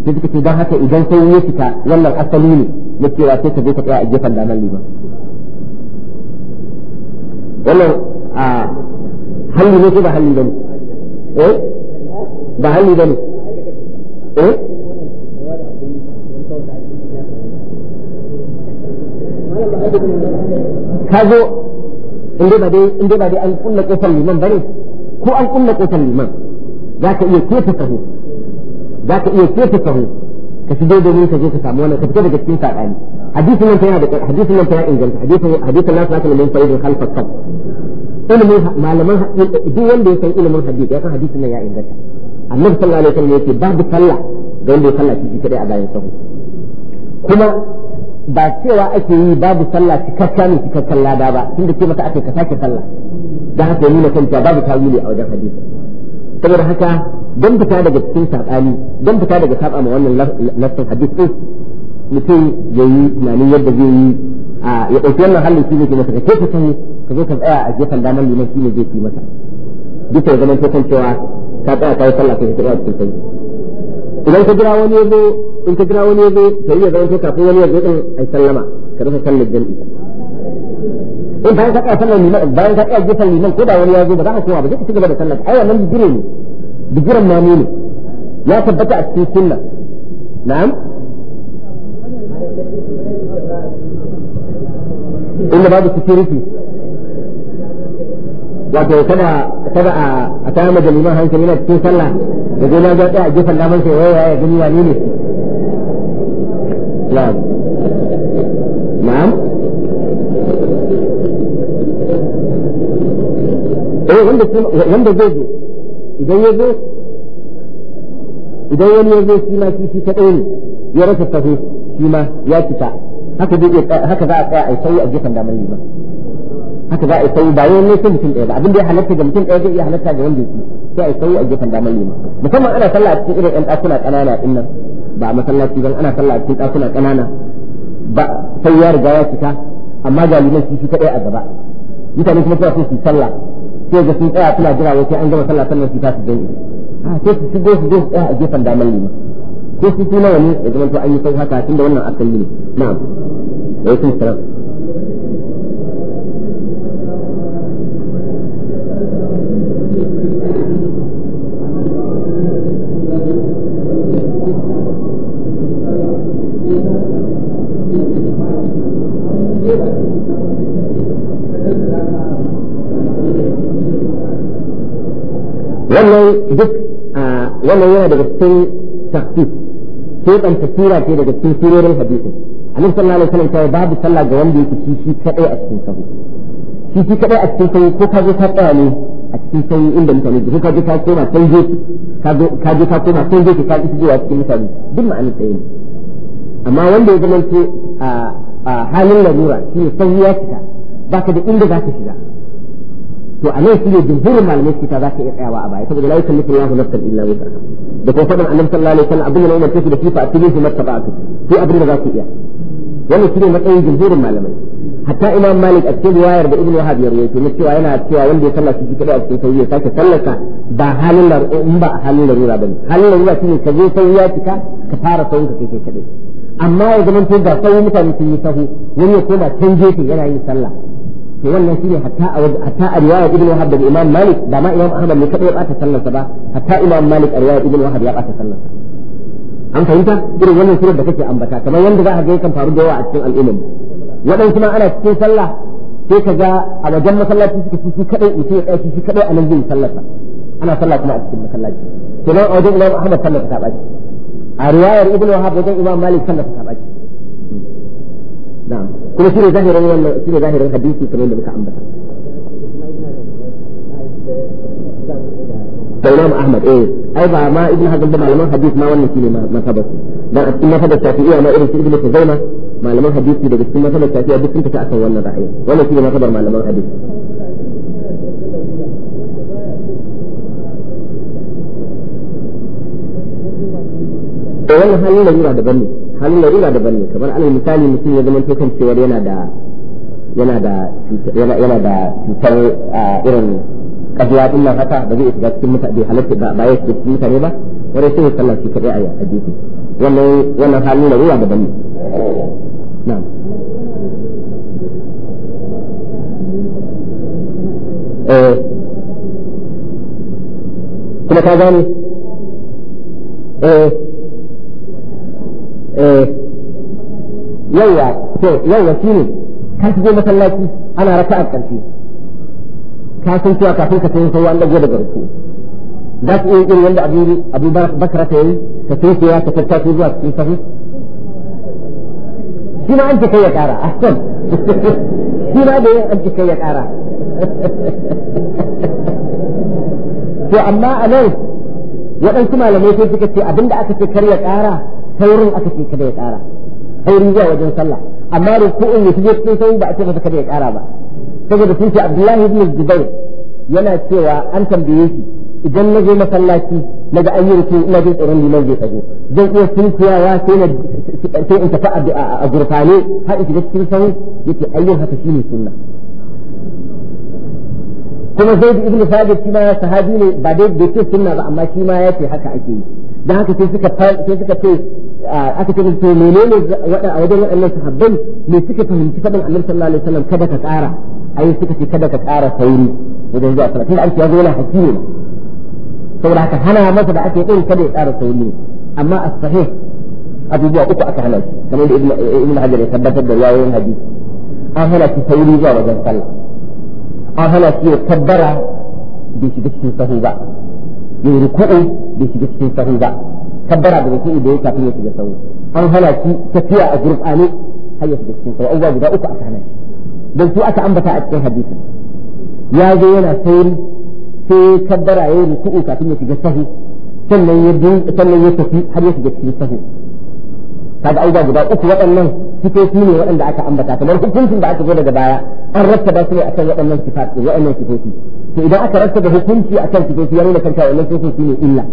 sai suka ce don haka idan sai ya fita wannan asali ne na cewa sai ka je ka tsaya a gefen damar liman wannan a halli ne ko ba halli bane eh ba halli bane eh ka zo inda ba dai inda ba dai an kulla kofar liman bane ko an kulla kofar liman za ka iya kefa sahu za ka iya keta sahu ka dai domin ka je ka samu wannan ka fita daga cikin sadani hadisin nan yana da hadisin nan yana inganta hadisin hadisin nan sa kalmin da khalfas sab ilimin malaman duk wanda ya san ilimin hadisi ya san hadisin nan ya inganta annabi sallallahu alaihi wasallam yake babu sallah ga wanda ya sallah shi kadai a bayan sahu kuma ba cewa ake yi babu sallah cikakka ne cikakken lada ba tunda ce maka ake ka sake sallah dan haka nuna kanta babu tawili a wajen hadisi saboda haka don fita daga cikin saɓani don fita daga saɓa ma wannan lafin hadis ɗin mutum ya yi tunanin yadda zai yi a ya ɗauki wannan halin shi ne ke masa ka kai ka sani ka zo ka tsaya a gefen damar liman shi ne zai fi masa duka ya zaman kan cewa ka tsaya ka yi sallah kai ka tsaya cikin sanyi idan ka jira wani ya zo in ka jira wani ya zo ka iya zama kafin wani ya zo ɗin a yi sallama ka rasa sallar jam'i in bayan ka tsaya sallar liman bayan ka tsaya gefen liman ko da wani ya zo ba za ka koma ba zai ka ci gaba da sallar ai wannan bijire ne bigiran mamu ne ya tabbata a cikin sunna na'am inda babu security wato kada kada a a kayan majaliman hankali na cikin sallah da gona ya tsaya a gefen daman sai waya ya gani wani ne na'am eh wanda wanda zai idan ya zo idan wani ya zo shi ma kifi ta ɗaya ne ya rasa sahu shi ma ya fita haka zai haka za a tsaya a sauyi a gefen damar liman haka za a sauyi ba yawan nesa mutum ɗaya ba abin da ya halatta ga mutum ɗaya zai iya halatta ga wanda ya sai a sauyi a gefen damar yi liman musamman ana sallah a cikin irin 'yan ɗakuna ƙanana ɗin nan ba a masallaci ba ana sallah a cikin ɗakuna ƙanana ba sai ya riga ya fita amma ga liman shi shi kaɗai a gaba mutane kuma suna so su sallah sai ga sun tsaya suna jira wai sai an gama sallah sannan su tafi gani a ah, sai su shigo su je su tsaya a gefen damar ne ko su tuna nawa ne ya zama to an yi sau haka tunda wannan asali ne na'am wa alaikum salam wannan duk wannan yana daga cikin tafsir sai dan tafsira ce daga cikin surorin hadisin annabi sallallahu alaihi wasallam sai babu sallah ga wanda yake shi shi kadai a cikin sahu shi shi kadai a cikin sahu ko ka zo ka tsaya ne a cikin sahu inda mutane ko ka je ka koma can gefe ka je ka koma can gefe ka isa zuwa cikin mutane duk ma'anar tsaye ne amma wanda ya zama ce a halin larura shi ne ya fita ba ka da inda za ka shiga to a nan shine jumhurin malamai su ta za ka iya tsayawa a baya saboda la yukallifu Allahu nafsan illa wus'aha da kuma faɗin annabi sallallahu alaihi wasallam abin da yana tafi da shi mata ba su mattaba'atu sai abin da za su iya wannan shine matsayin jumhurin malamai hatta imam malik a cikin riwayar da Ibn wahab ya rawaito ne cewa yana cewa wanda ya sallah shi kadai a cikin sauyi ya sake sallata ba halin da in ba halin da larura bane halin da larura shine ka je sauyi ya cika ka fara sauyin ka kai kadai amma ya zama to ba sauyi mutane sun yi sahu wani ya koma can gefe yana yin sallah to wannan shine hatta a hatta a riwaya ibnu wahab da imam malik ba ma imam ahmad ne kadai ya bata sallarsa ba hatta imam malik a riwaya ibnu wahab ya bata sallarsa an fahimta irin wannan surar da kake ambata kamar wanda za ka ga yakan faru da yawa a cikin al'umma waɗansu ma ana cikin sallah sai ka ga a wajen masallaci suke shi kadai mutum ya tsaya shi kadai a nan zai sallarsa ana sallah kuma a cikin masallaci kenan a wajen imam ahmad sallarsa ta baci a riwayar ibnu wahab wajen imam malik sallarsa ta baci na'am kuma shi ne zahirin wannan shi ne zahirin hadisi kamar da muka ambata da Imam Ahmad eh ai ba ma Ibn Hazm da malaman hadis ma wannan shi ne shine masabar dan a cikin mafada Shafi'iyya ma irin shi Ibn Khuzaima malaman hadisi daga cikin mafada Shafi'iyya duk sun ta akan wannan ra'ayi wannan shi ne mafadar malaman hadis da wannan halin da na daban ne halin larura daban ne kamar alal misali mutum ya zama tokan cewa yana da yana da yana da cutar irin kajiya din nan haka ba zai shiga cikin mutane bai halatta ba ba ya shiga cikin mutane ba wani sai ya sallah shi kadai a gefe wannan wannan halin larura daban ne na'am eh kuma ka gane eh eh yawa to yawa shine ka shigo masallaci ana a karshe ka san cewa kafin ka sayi sai an dago daga ruku za ku iya irin wanda abu abu bakara ta yi ka sai sai ya ka tattace zuwa cikin sahu shi ma an kai ya kara ahsan shi ma da an kai ya ƙara to amma a nan waɗansu malamai sai suka ce abinda aka ce kar ya kara saurin aka ce kada ya ƙara saurin zuwa wajen sallah amma ruku'un ya shige cikin sauri ba a ce masa kada ya ƙara ba saboda sun ce Abdullahi ibn Zubair yana cewa an tambaye shi idan na je masallaci na ga an yi ruku ina jin tsoron liman zai tsago zan iya sunkuyawa sai na sai in tafi a gurfane har in shiga cikin sauri yake ayyin haka shine sunna kuma zaid ibn sabit shi ma sahabi ne ba dai bai ke sunna ba amma shi ma ya ce haka ake yi dan haka sai suka sai suka ce aka ce musu menene a wajen waɗannan sahabbai me suka fahimci faɗin annabi sallallahu alaihi wasallam kada ka ƙara ai suka ce kada ka ƙara sauri wajen zuwa sallah tunda an ce ya zo yana hakimi ne saboda haka hana masa da ake din kada ya ƙara sauri amma as-sahih abubuwa uku aka hana shi kamar da ibnu hajar ya tabbatar da yayin hadisi an hana shi sauri zuwa wajen sallah an hana shi ya tabbara bai shiga cikin sahu ba ya yi ruku'u bai shiga cikin sahu ba tabbara da ruku'i da ya kafin ya shiga sauri an hana shi tafiya a gurbani har ya shiga cikin sauri abubuwa guda uku a hana shi don su aka ambata a cikin hadisin ya zo yana sauri sai tabbara ya yi ruku'i kafin ya shiga sahu sannan ya sannan ya tafi har ya shiga cikin sahu kaga abubuwa guda uku waɗannan sifofi ne waɗanda aka ambata kamar hukuncin da aka zo daga baya an rattaba su ne akan waɗannan sifofi waɗannan sifofi to idan aka rattaba hukunci akan sifofi ya nuna kanta wannan sifofi ne illa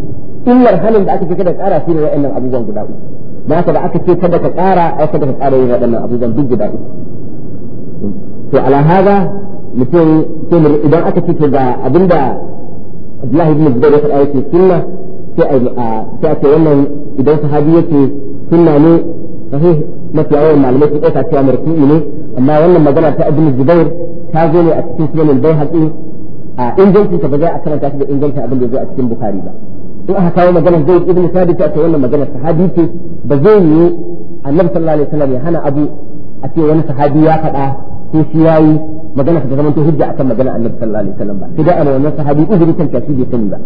illar halin da aka ce kada ƙara shine wa'annan abubuwan guda uku da haka da aka ce kada ka tsara ai kada ka ƙara yin waɗannan abubuwan duk guda uku to ala hada mutum idan aka ce ga abinda Abdullahi ibn Zubair ya faɗa yake sunna sai a sai a ce wannan idan sahabi yake sunna ne sahih mafi yawan malamai su ɗauka cewa murtu'i ne amma wannan magana ta ibn Zubair ta zo ne a cikin sunan haƙi a ingancin ta ba za a karanta shi da ingancin abin da zai a cikin Bukhari ba in aka kawo magana zai ibn sabit a ce wannan magana sahabi ce ba zai yi annabi sallallahu alaihi wasallam ya hana abu a ce wani sahabi ya faɗa ko shi yayi magana ta zama hujja akan magana annabi sallallahu alaihi wasallam ba sai da wannan sahabi uzuri kan tashi bai sani ba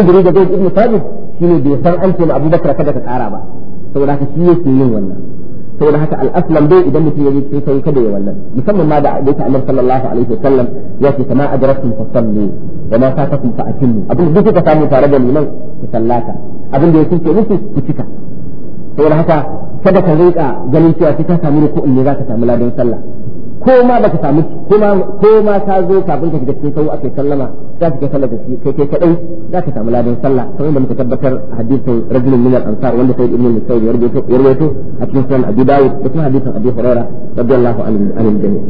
uzuri da zai ibn sabit shine bai san an ce ma abubakar kada ka tsara ba saboda haka shi yake yin wannan saboda haka al-aslam dai idan mutum ya je cikin sai kada ya wannan musamman ma da yake annabi sallallahu alaihi wasallam ya ce kama adrakum fasallu wa ma fatakum fa atimmu abin da kuka samu tare da liman ku sallata abin da ya kuke muku ku cika da haka kada ka rinka ganin cewa sai ta samu ruku'un ne zaka samu ladan sallah ko ma baka samu ko ma ka zo kafin ka shiga cikin sau ake sallama za ka ga sallah da kai kai kadai za ka samu ladan sallah kamar da muka tabbatar hadisin rajulun min al-ansar wanda sai ibn musayyib ya rubuto ya rubuto a cikin sunan abi dawud da kuma hadisin abi hurairah radiyallahu anhu anil jami'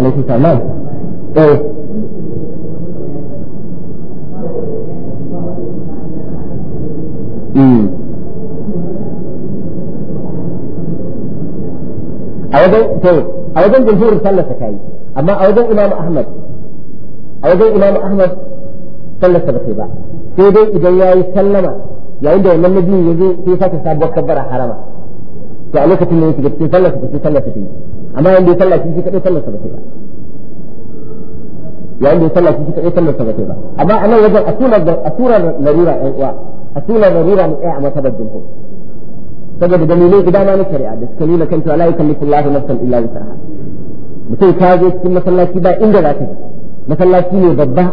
alaikum salam eh a wajen to a wajen jumhurin amma a wajen Imam Ahmad a wajen Ahmad sallar sa bai ba sai dai idan yi sallama yayin da wannan nabi ya zo sai sake sabuwar kabbara harama to a lokacin ne yake cikin sallar sa cikin sallar sa amma yayin da ya sallah shi kadai ba yayin da ya sallah shi kadai sallar ba amma anan wajen a surar larura ɗan uwa a sunan zarura mu tsaya a matabar jumhur saboda dalilai guda na shari'a da suka nuna kan cewa la yukallifu Allahu nafsan illa wus'aha mutum ka zo cikin masallaci ba inda za ka je masallaci ne babba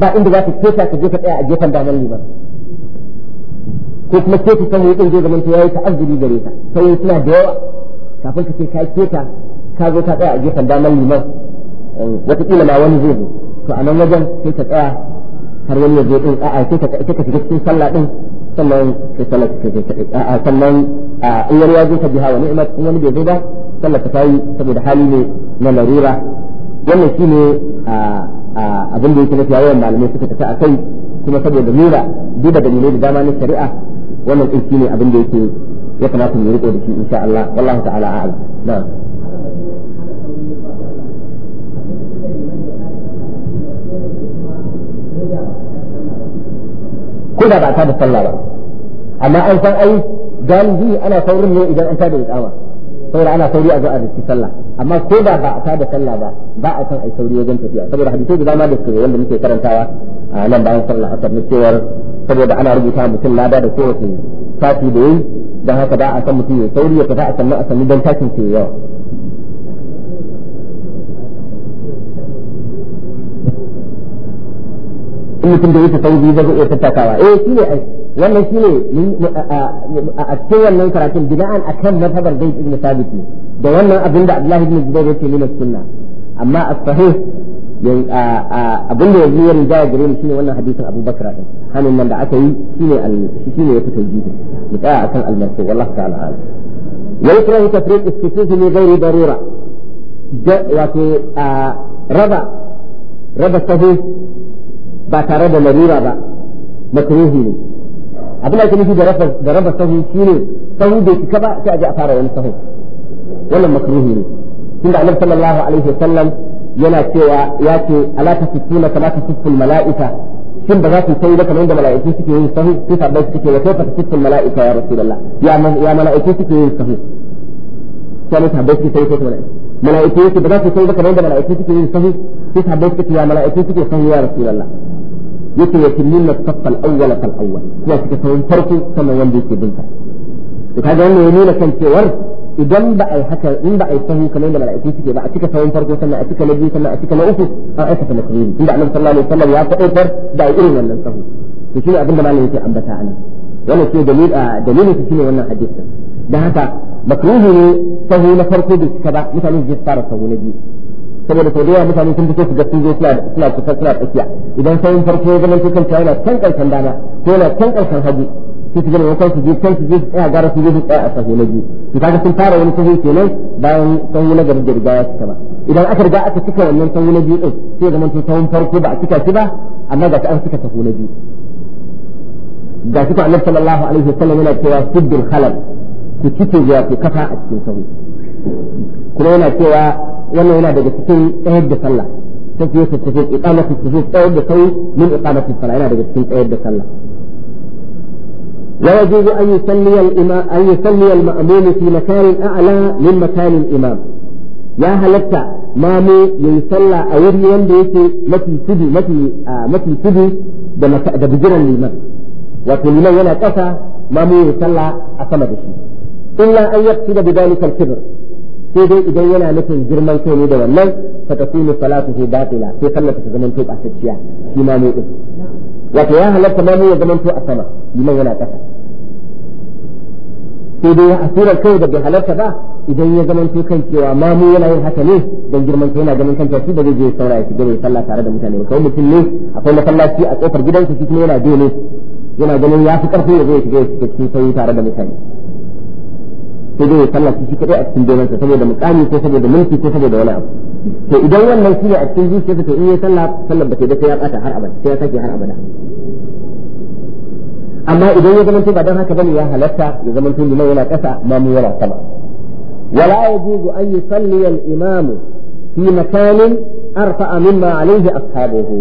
ba inda za ka keta ka je ka tsaya a gefen damar ba ko kuma keta ta mutum zai zama ya yi ta'azzuri gare ta sai suna da yawa kafin ka ce ka keta ka zo ka tsaya a gefen damar liman wataƙila ma wani zai zo to a nan wajen sai ka tsaya har wani ya zo din a'a sai ka sai ka shiga cikin sallah din sannan sai sallar ta kai kaɗai sannan in wani ya zo ta biha wa ni'mat in wani bai zo ba sallar ta tayi saboda hali ne na larura wannan shine abin da yake na yawan malamai suka tafi a kai kuma saboda lura duba dalilai da dama na shari'a wannan din shine abin da yake ya kamata mu riƙe da shi insha Allah wallahu ta'ala a'lam na'am ko da ba ta da sallah ba amma an san ai galibi ana saurin ne idan an tada iqama saboda ana sauri a zo a riski sallah amma ko da ba a tada sallah ba ba a san ai sauri wajen tafiya saboda hadisi da dama da su wanda muke karantawa a nan bayan sallah asar ne cewar saboda ana rubuta mutum lada da kowace sati da yi don haka ba a san mutum ya sauri ya tafi a sannan a sannu don takin ke yawa in mutum da yake sauri zai iya tattakawa eh shi ne wannan shi ne a cikin wannan karatun bida'an akan mazhabar dai ibn sabit da wannan abin da Abdullahi ibn Zubair yake nuna sunna amma as-sahih abin da yanzu ya rinja gare ni shine wannan hadisin Abu Bakar din hannun nan da aka yi shine shine ya fito jibi mu tsaya akan al-marfu wallahi ta'ala alim ويكره تفريق الصفوف لغير ضرورة جاء ربا ربا الصفوف ba tare da larura ba makruhi ne abin da ake nufi da raba da rafa sahu shine sahu bai cika ba sai a a fara wani sahu wannan makruhi ne tunda annabi sallallahu alaihi wa sallam yana cewa ya ce ala tasifuna kama tasiful mala'ika shin ba za su sai ba kamar da mala'iku suke yin sahu sai sabbai suke wato ta tasiful mala'ika ya rasulullah ya ya mala'iku suke yin sahu sai sabbai suke sai kai mala'iku suke ba za su sai ba kamar da mala'iku suke yin sahu sai sabbai suke ya mala'iku suke sahu ya rasulullah yake ya tunin na tsaffal awwala kal awwal kuma suka sauran farko sannan wanda yake binta to kaga wannan ya nuna kan cewar idan ba a haka in ba a yi sahu kamar yadda mala'iku suke ba a cika sahun farko sannan a cika na biyu sannan a cika na uku an aikata makruhi tunda annabi sallallahu alaihi wasallam ya faɗaifar da irin wannan sahu to shine abin da malamin yake ambata anan wannan ce dalil dalilin su shine wannan hadisin dan haka makruhi ne sahu na farko da suka ba mutane su fara sahu na biyu saboda sau da yawa mutane sun fito su ga sun suna kusa suna tsakiya idan sauyin farko ya zama cikin ta yana can ƙarshen dama ko yana can ƙarshen hagu sai su gani wakan su je can su je su tsaya gara su je su tsaya a sahu na biyu su kaga sun fara wani sahu kenan bayan sahu na gari da riga ya cika ba idan aka riga aka cika wannan sahu na biyu din sai zama to sahun farko ba a cika shi ba amma ga an cika sahu na biyu ga shi ko annabi sallallahu alaihi wasallam yana cewa siddul khalal ku cike ya ku kafa a cikin sahu kuma yana cewa wannan yana daga cikin tsayar da sallah tafiye ta tafiye iqama ta tafiye tsayar da sai min iqama sallah yana daga cikin tsayar da sallah لا يجوز أن يصلي الإمام أن يصلي المأموم في مكان أعلى ya مكان الإمام. يا هلتا مامي يصلى أوري وندي متي سدي متي آه متي سدي ده ده بجرا الإمام. wato liman yana ƙasa Mamu ya yi sallah a sama da shi illa an yaqsida da dalika kibr sai dai idan yana nufin girman kai ne da wannan fa salatu fi batila sai sallar ta zaman to batacciya shi ma ne din wato ya halatta ma ya zaman to a sama liman yana kasa sai dai a surar kai da bai halatta ba idan ya zaman to kan cewa ma mu yana yin haka ne dan girman kai yana ganin kanta shi ba zai je saura ya shiga ya sallah tare da mutane ba kawai mutum ne akwai masallaci a kofar gidansa shi kuma yana dole yana ganin ya fi karfi ya zo ya shiga cikin sauyi tare da mutane sai dai ya sallah shi kadai a cikin gonarsa saboda mukami ko saboda mulki ko saboda wani abu to idan wannan shine a cikin zuciyarsa to in ya sallah sallar ba ta da sai ya bata har abada sai ya sake har abada amma idan ya zamanto ba dan haka bane ya halatta ya zamanto liman yana kasa mu yana sama wala yajuzu an yusalli al-imam fi makanin arfa'a mimma alayhi ashabuhu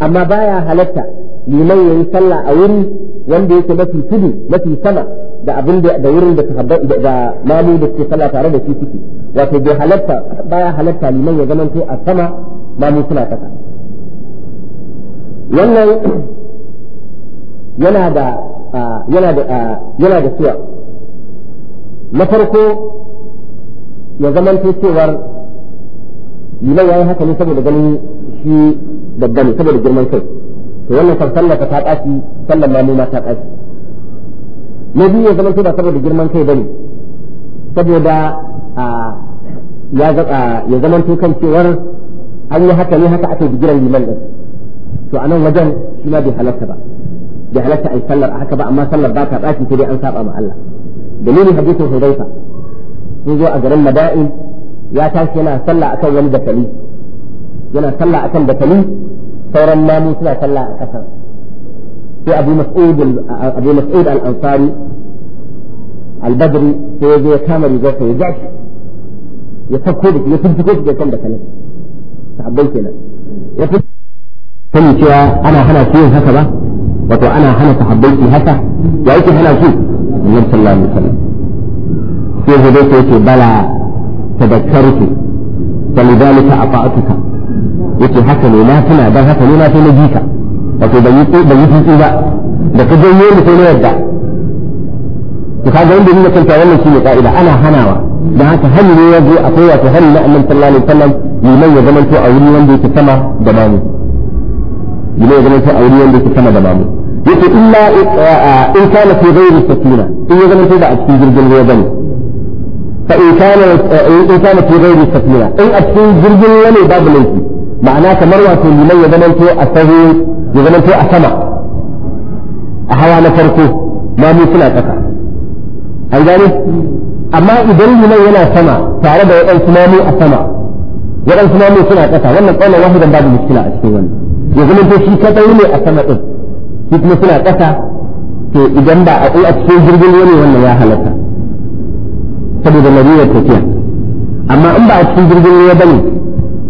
amma baya halatta liman yayi sallah a wuri wanda yake mafi tudu mafi sama da abin da wurin da sahabbai da mamu da ke sallah tare da shi suke wato bai halatta baya halatta liman ya zamanto a sama mamu suna kasa wannan yana da yana da yana da suwa na farko ya zamanto cewar liman yayi haka ne saboda ganin shi babba ne saboda girman kai to wannan kan sallah ta ta sallar mamu ma ta kaci na biyu ya zama ba saboda girman kai bane saboda ya zama kan cewar an yi haka ne haka aka yi giran liman din to a nan wajen shi ma bai halarta ba bai halarta a yi sallar a haka ba amma sallar ba ta tsaki sai dai an saba ma Allah dalilin hadisin hudaifa sun zo a garin Mada'in ya tashi yana sallah akan wani dakali yana sallah akan dakali sauran mamu suna sallah a kasar. في أبو مسعود أبو مسعود الأنصاري البدري في ذي كامري ذاك يجعش يتفكرك يتفكرك يتم لك أنا تعبيت أنا ثم شوى أنا هنا فيه هكذا وتو أنا هنا تعبيت هكذا وأيك هنا شو النبي صلى الله عليه وسلم في ذي كيف بلا تذكرك فلذلك اطعتك أطاعتك يتحكم لا تنا بل هكذا لا تنجيك wato ban yi ban yi tuki ba da ka janyo ni sai na yarda to kaga wanda nuna kanta wannan shine ka'ida ana hanawa da haka hannu ne yazo akwai wato hannu na annabi sallallahu alaihi wasallam liman ya zamanto a wuri wanda yake sama da mamu liman ya zamanto a wuri wanda yake sama da mamu yake illa eh, in kana fi ghairi sakina in ya zamanto da a cikin jirgin ruwa bane fa in kana eh, in kana fi ghairi sakina in a cikin jirgin ne babu laifi ma'ana kamar wato liman ya zamanto a sahu ya zamanto a sama a hawa na farko ma mu suna ƙasa an gane amma idan liman yana sama tare da waɗansu mamu a sama waɗansu mamu suna ƙasa wannan ƙaunar wahidan babu muskila a cikin wannan ya zamanto shi kaɗai ne a sama ɗin shi kuma suna ƙasa to idan ba a a cikin jirgin wani wannan ya halatta saboda lariyar tafiya amma in ba a cikin jirgin ruwa bane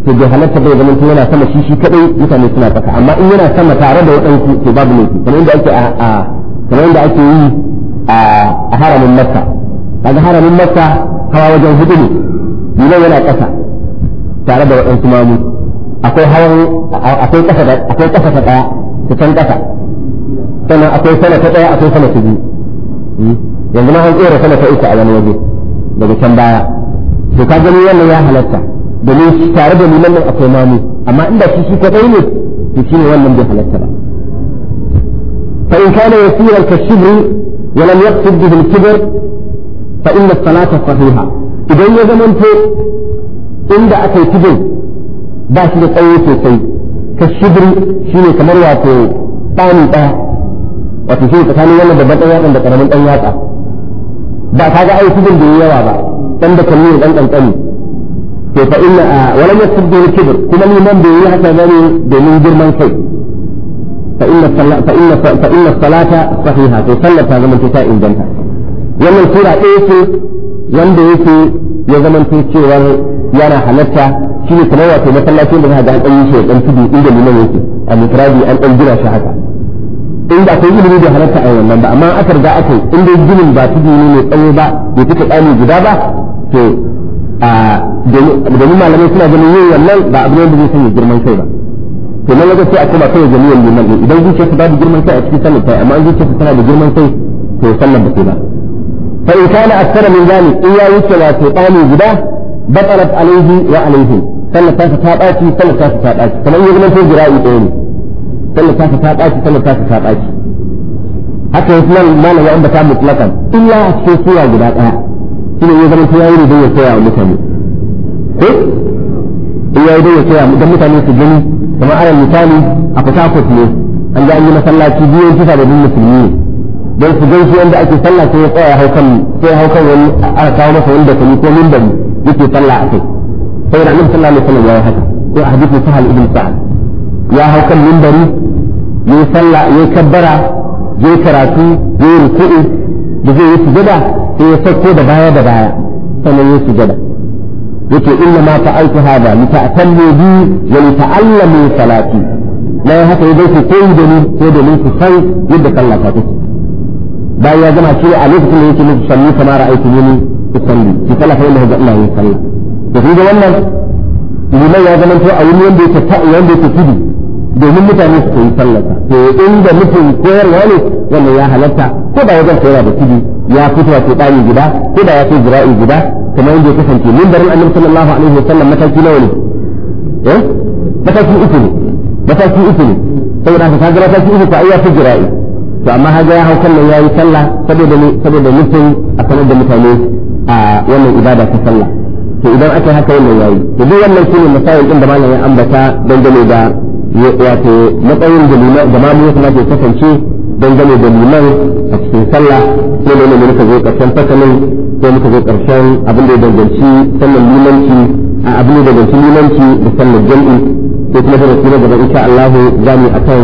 to bai halatta bai zama tun yana sama shi shi kadai mutane suna kasa amma in yana sama tare da waɗansu to babu laifi kamar yadda ake a kamar yadda ake yi a haramin makka kaga haramin makka hawa wajen hudu ne liman yana kasa tare da waɗansu mamu akwai hawan akwai kasa da akwai kasa ta daya ta can kasa sannan akwai sana ta daya akwai sana ta biyu hmm? yanzu na an tsere sana ta uku a wani waje daga can baya to ka gani wannan ya halatta domin tare da liman nan akwai mamu amma inda shi shi kadai ne to ne wannan bai halatta ba fa in kana yasiran ka shibri wa lam yaqsid bihi al-kibr fa inna as-salata sahiha idan ya zama to inda aka yi tudun ba shi da tsawo sosai ka shibri shine kamar wato tsani daya wato shi tsakanin wannan babban dan yatsa da karamin dan yatsa ba ka ga ai tudun da yawa ba dan da kalmi dan kankani to fa inna ah, walam yasib bil kibr kuma liman bai yi haka bane domin girman kai fa inna fa inna fa inna salata sahiha to sallar ta zama ta inganta wannan sura ɗaya ce wanda yake ya zama cewa yana halatta shi ne kamar wato masallacin da za ga an ɗan yi shi ɗan tudu inda liman yake a mutrabi an ɗan gina shi haka in inda akwai ilimi bai halatta a wannan ba amma aka riga aka yi inda ginin ba tudu ne mai tsawo ba bai fita tsami guda ba to domin malamai suna ganin yin wannan ba abu ne da zai sanya girman kai ba to nan lokaci a kuma kai jami'an liman din idan zuciya ta babu girman kai a cikin sallar ta amma zuciya ta tana da girman kai to sallar ba sai ba fa in kana akthara min zalik in ya wuce wa shaytani guda batalat alayhi wa alayhi sallar ta ta baci sallar ta ta baci kamar yin zaman kai jira'i ɗaya ne sallar ta ta baci sallar ta ta baci haka yasman malama an ta mutlakan illa a cikin guda ɗaya shine ya zama ta yayi ne don ya koya wa mutane ko in don ya koya don mutane su gani kamar alal misali a fatakot ne an ga an yi masallaci biyu kisa da bin musulmi don su gan wanda ake sallah sai ya tsaya haukan sai haukan wani kawo masa wanda kuma ko da yake sallah a kai saboda annabi sallallahu alaihi wasallam ya yi haka ko a hadisin sahal ibn sa'ad ya haukan min da sallah ya kabbara ya karatu ya ruku'u da zai yi sujada sai ya sauko da baya da baya sannan ya sujada yake inna ma fa'altu hada li ta'tallu bi wa li ta'allamu salati na haka ya dace koyi da ni ko da ni san yadda sallah ta take bayan ya gama cewa a lokacin da yake muku sanni kamar ra'aytu yini usalli ki sallah fa inna ina ya sallah da kun da wannan liman ya zama to a wani wanda yake wanda yake tudu domin mutane su koyi sallata to inda mutum koyarwa ne wannan ya halatta ko da wajen koyarwa da kudi ya fito ke ɗani guda ko da ya kai in guda kamar inda ya kasance mimbarin annabi sallallahu alaihi wasallam mataki nawa ne eh mataki uku ne mataki uku ne saboda haka kaga mataki uku ko ayya in to amma haka ya hau kallon yayi sallah saboda saboda mutum a sanar da mutane a wannan ibada ta sallah to idan aka haka wannan yayi to duk wannan shine masayin din da malamin ambata dangane da wato matsayin da mamu ya kamata ya kasance don gane da liman a cikin sallah sai ne ne muka zo karshen fasalin sai muka zo karshen abin da ya danganci sallan limanci a abin da danganci limanci da sallan jam'i sai kuma darasi na gaba insha Allah za mu akan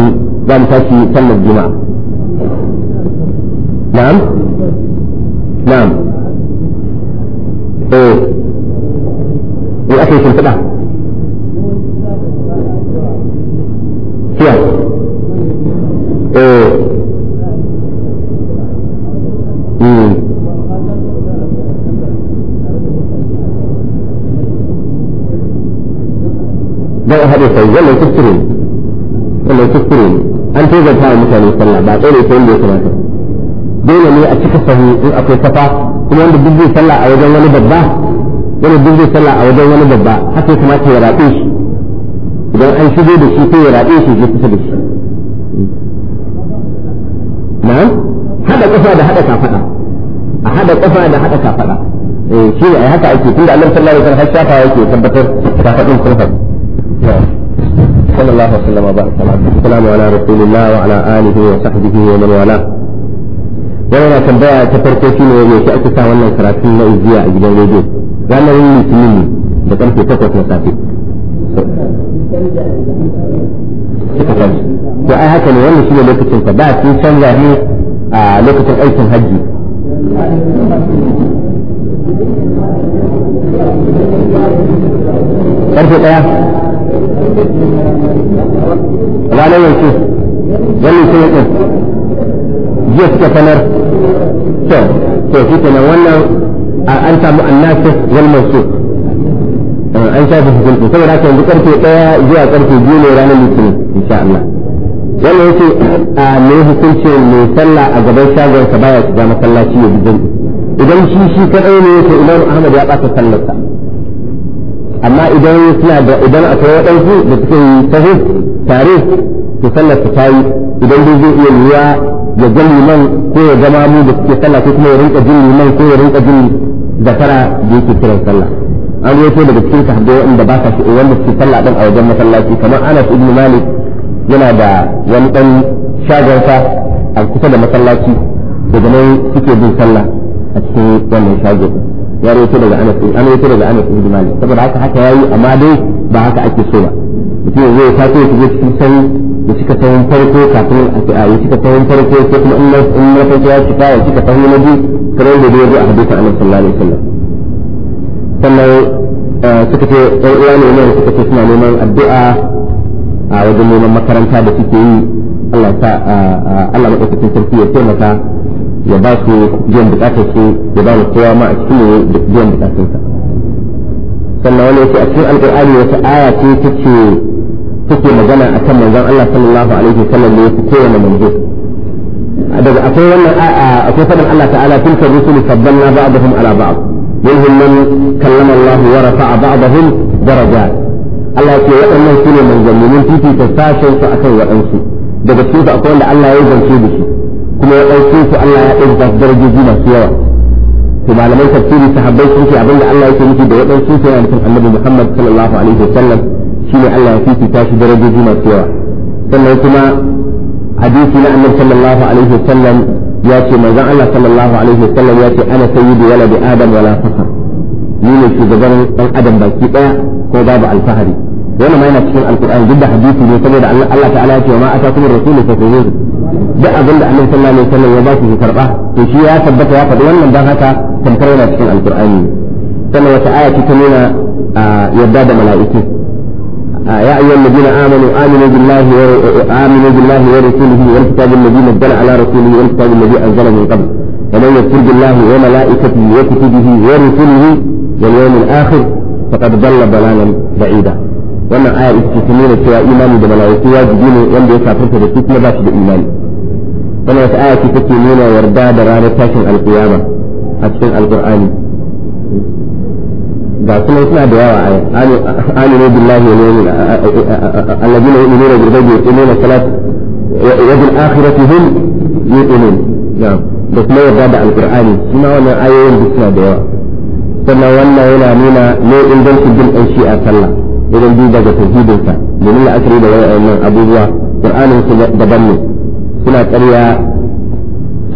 za mu tashi sallan juma'a na'am na'am eh ya ake shimfiɗa eh zai hmm. haɗe wa mutane sallah ba a kuma a wajen wani babba wani duk zai sallah a wajen wani babba haka kuma kamata ya shi idan an shigo da shi sai ya raɓe shi kusa da shi na'am hada kafa da hada kafada a hada kafa da hada kafada eh shi ne haka ake tunda Allah sallallahu alaihi wasallam har shafa yake tabbatar kafadin kulfa صلى الله وسلم وبارك على السلام على رسول الله وعلى اله وصحبه ومن والاه ta farko ake sa wannan karatu na izziya a gidan rediyo ranar litinin ne da karfe na suka san to ai haka ne wannan shine lokacin ka ba sun canza ne a lokacin aikin hajji karfe daya ranar yanzu wannan shi ne jiya suka sanar to to shi kenan wannan an samu annasir wal mansur Eh, an shafi hukunci saboda haka yanzu karfe daya zuwa karfe biyu ne ranar litinin insha Allah wannan yake a me hukunci mai sallah a gaban shagon sa baya shiga masallaci ya bidan idan shi shi kadai ne yake Imam Ahmad ya ɓata sallarsa amma idan suna da idan akwai wadansu da suke yi sahu tare su sallar ta yi idan dai zai iya lura ya ga liman ko ya gama mu da suke sallah ko kuma ya rinka jin liman ko ya rinka jin da fara da yake kiran sallah an rawaito daga cikin sahabbai wanda ba sa wanda suke sallah dan a wajen masallaci kamar Anas ibn Malik yana da wani dan shagonsa a kusa da masallaci daga nan suke bin sallah a cikin wannan shago ya rawaito daga Anas an rawaito daga Anas ibn Malik saboda haka haka yayi amma dai ba haka ake so ba mutum ya zo ya fato ya cikin sauri ya cika sahun farko kafin a ya cika sahun farko sai kuma in na farko ya cika ya cika sahun na biyu kamar da ya zo a hadisin Annabi sallallahu alaihi wasallam sannan eh, suka ce ɗan uwa ne ne suka ce suna neman addu'a a wajen neman makaranta da suke yi Allah ta Allah madaukakin sarki ya taimaka ya ba su biyan bukatar su ya ba mu kowa ma a cikin biyan bukatar sa sannan wani yake a cikin alƙur'ani wata aya ce take take magana akan manzon Allah sallallahu alaihi wasallam ne yake kowane manzo daga akwai wannan akwai faɗin Allah ta'ala tilka rusulu faddalna ba'dahum ala ba'd منهم من كلم الله ورفع بعضهم درجات الله يقول وأنا سنة من جنة في في تساشن فأكل وأنسي daga cikin su akwai wanda Allah ya zance da shi kuma ya ɗauke su Allah ya ɗauka su darajoji masu yawa to malaman tafsiri sahabbai sun ce abinda Allah yake nufi da waɗansu su yana nufin Annabi Muhammad sallallahu alaihi sallam shine Allah ya fifita shi darajoji masu yawa sannan kuma hadisi na Annabi sallallahu alaihi sallam. ya ce manzon Allah sallallahu alaihi wasallam ya ce ana sayyidu waladi adam wala fakar ni ne gaban dan adam baki daya ko babu alfahari wannan ma yana cikin alquran duk da hadisi ne saboda Allah ta'ala ya ce ma kuma rasulu fa tuzuhu da abin da annabi sallallahu alaihi wasallam ya ba su karba to shi ya tabbata ya faɗi wannan dan haka tamkar yana cikin alqur'ani sannan wata aya ta nuna ah, yadda da mala'iku يا أيها الذين آمنوا آمنوا بالله آمنوا بالله ورسوله والكتاب الذي نزل على رسوله والكتاب الذي أنزل من قبل ومن يكفر بالله وملائكته وكتبه ورسله واليوم الآخر فقد ضل ضلالا بعيدا wannan aya ita ce nuna cewa imani da malaiku wajibi ne wanda ya kafirta da su kuma ba da imani wannan nuna yarda da ranar tashin alƙiyama a cikin alƙur'ani ga kuma suna da yawa a aminu billahi wal yawmil alladhina yu'minuna bil ghaibi yuqimuna salat wa bil akhirati hum yuqinun da kuma yarda da alqur'ani suna wannan ayoyin duk suna da yawa sannan wannan yana nuna ne ingancin bin ɗan a sallah idan bi daga tajidinsa domin la'akari da wa'annan abubuwa qur'anin su daban ne suna ƙarya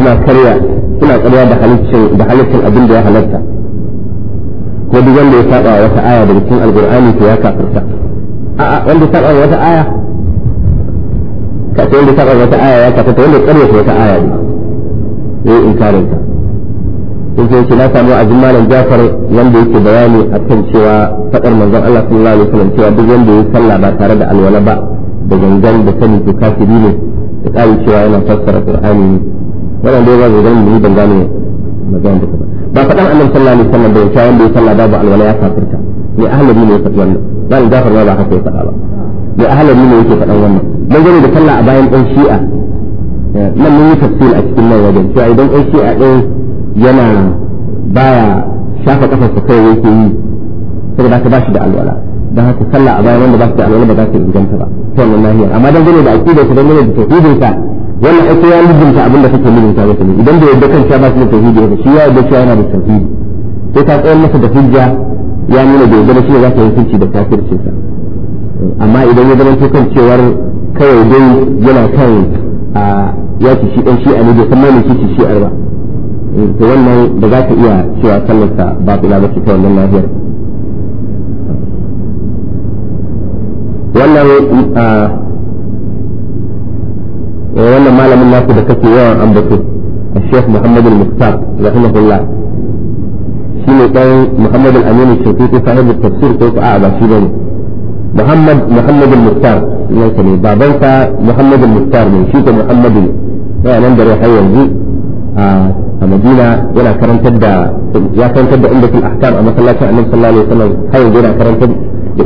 suna karya suna ƙarya da halittar abin da ya halatta ko wanda ya saba wata aya daga cikin alqur'ani to ya kafirta a'a wanda ya saba wata aya ka ce wanda saba wata aya ya kafirta wanda karyata wata aya ne yayi inkarin ta in ce yake na samu a malam jafar wanda yake bayani kan cewa fadar manzon Allah sallallahu alaihi wasallam cewa duk wanda ya salla ba tare da alwala ba da gangan da sani to kafiri ne da kare cewa yana fassara qur'ani ne wannan dai ba zan yi ban gane magana da ba ba faɗan annabi sallallahu alaihi wasallam da ya kayan da ya sallah babu alwala ya kafirta ne ahlul ne ya faɗi wannan ba ni gafar ba haka ya faɗa ba ne ahlul ne yake faɗan wannan dan gane da sallah a bayan ɗan shi'a eh, nan mun yi tafsir a cikin nan wajen cewa idan ɗan shi'a ɗin yana baya shafa sa kai yake yi da ka ba da alwala dan haka sallah a bayan wanda ba su da alwala ba za su inganta ba to wannan nahiyar amma dan gane da aqidar sa dan gane da tauhidin sa wannan ake ya mijinta abinda kake mijinta mata ne idan da yadda kanta ba shi da tauhidi ba shi ya yadda cewa yana da tauhidi sai ta tsayar masa da hujja ya nuna da yadda shi za ka yi hukunci da kafircin sa amma idan ya zama kan cewar kawai dai yana kan ya ci shi dan shi a ne da kuma ne shi shi arba to wannan da za ka iya cewa sallarsa ba kula ba ta wannan lafiyar wannan Eh, wannan malamin nasu da kake yawan ambato الشيخ محمد المختار رحمه a شيني كان محمد الأمين الشنقيطي صاحب التفسير كيف أعبى شيني محمد محمد المختار ليس لي بابنك محمد المختار من شيك محمد لا نندر يحيى ينزي a madina yana karantar da ya karantar da inda ahkam a masallacin annabi sallallahu alaihi wasallam har yanzu yana karantar da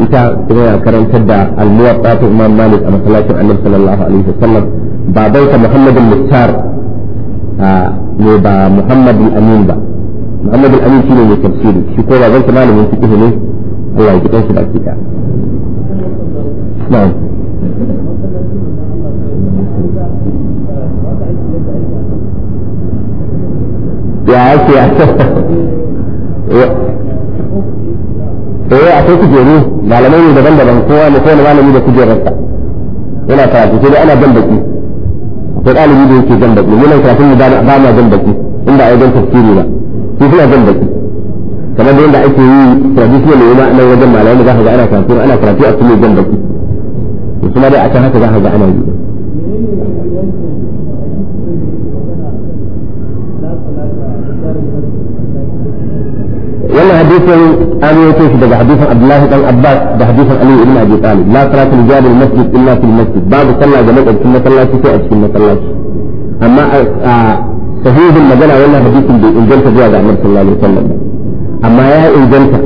ita kuma yana karantar da al-muwatta ta imam malik a masallacin annabi sallallahu alaihi wasallam بابوك محمد المختار آه، يبا محمد الأمين با محمد الأمين كينا يتبسيري شكوه بابوك ما لم ينتقه لي الله يجبين سبعتك نعم يا عاكي يا ايه اعطيك جيري معلمين يدبن دبن قوة لكي نبعلم يدبن قوة ولا فاتي كده انا دبن ko ɗalibi da yake jan baki muna kafin ba ma jan baki inda a wajen tafsiri ba su kuma jan baki kamar da yadda ake yi traditional ne na wajen malamai za ka ga ana karatu ana karatu a cikin zan baki to kuma dai can haka za ka ga ana yi wannan hadisin an yato shi daga hadisin Abdullah dan Abbas da hadisin Ali ibn Abi Talib la salatul jabir masjid illa fil masjid babu sallah ga madaukakin masallaci sai a cikin masallaci amma a sahihin magana wannan hadisin bai inganta zuwa ga Annabi sallallahu alaihi wasallam amma ya inganta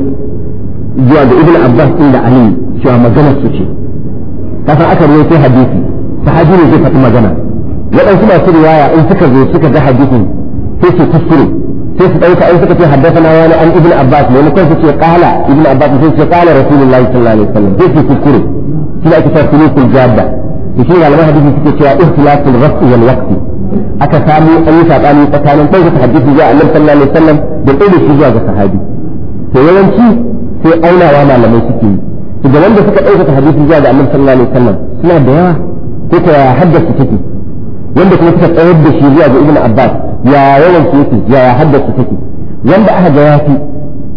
zuwa ga Ibn Abbas din da Ali cewa magana su ce kafa aka rawaito hadisi sahabi ne zai faɗi magana waɗansu masu riwaya in suka zo suka ga hadisin sai su kuskure sai su ɗauka ai suka ce haddasa wani an ibn abbas mai mukan su ce kala ibn abbas sai ce kala rasulullahi sallallahu alaihi wasallam sai su kuskure shi da ake cewa sulukul jabba to shi malaman hadisi suke cewa ihtilaful rafi wal waqti aka samu an yi sabani tsakanin ɗaukaka hadisi zuwa annabi sallallahu alaihi wasallam da ɗaukaka shi zuwa ga sahabi to yawanci sai aunawa malamai suke yi to da wanda suka ɗaukaka hadisi zuwa ga annabi sallallahu alaihi wasallam suna da yawa ko ta haddasa take wanda kuma suka tsayar da shi zuwa ga ibn abbas ya yawan su yake ya haddasa take wanda aka ga yafi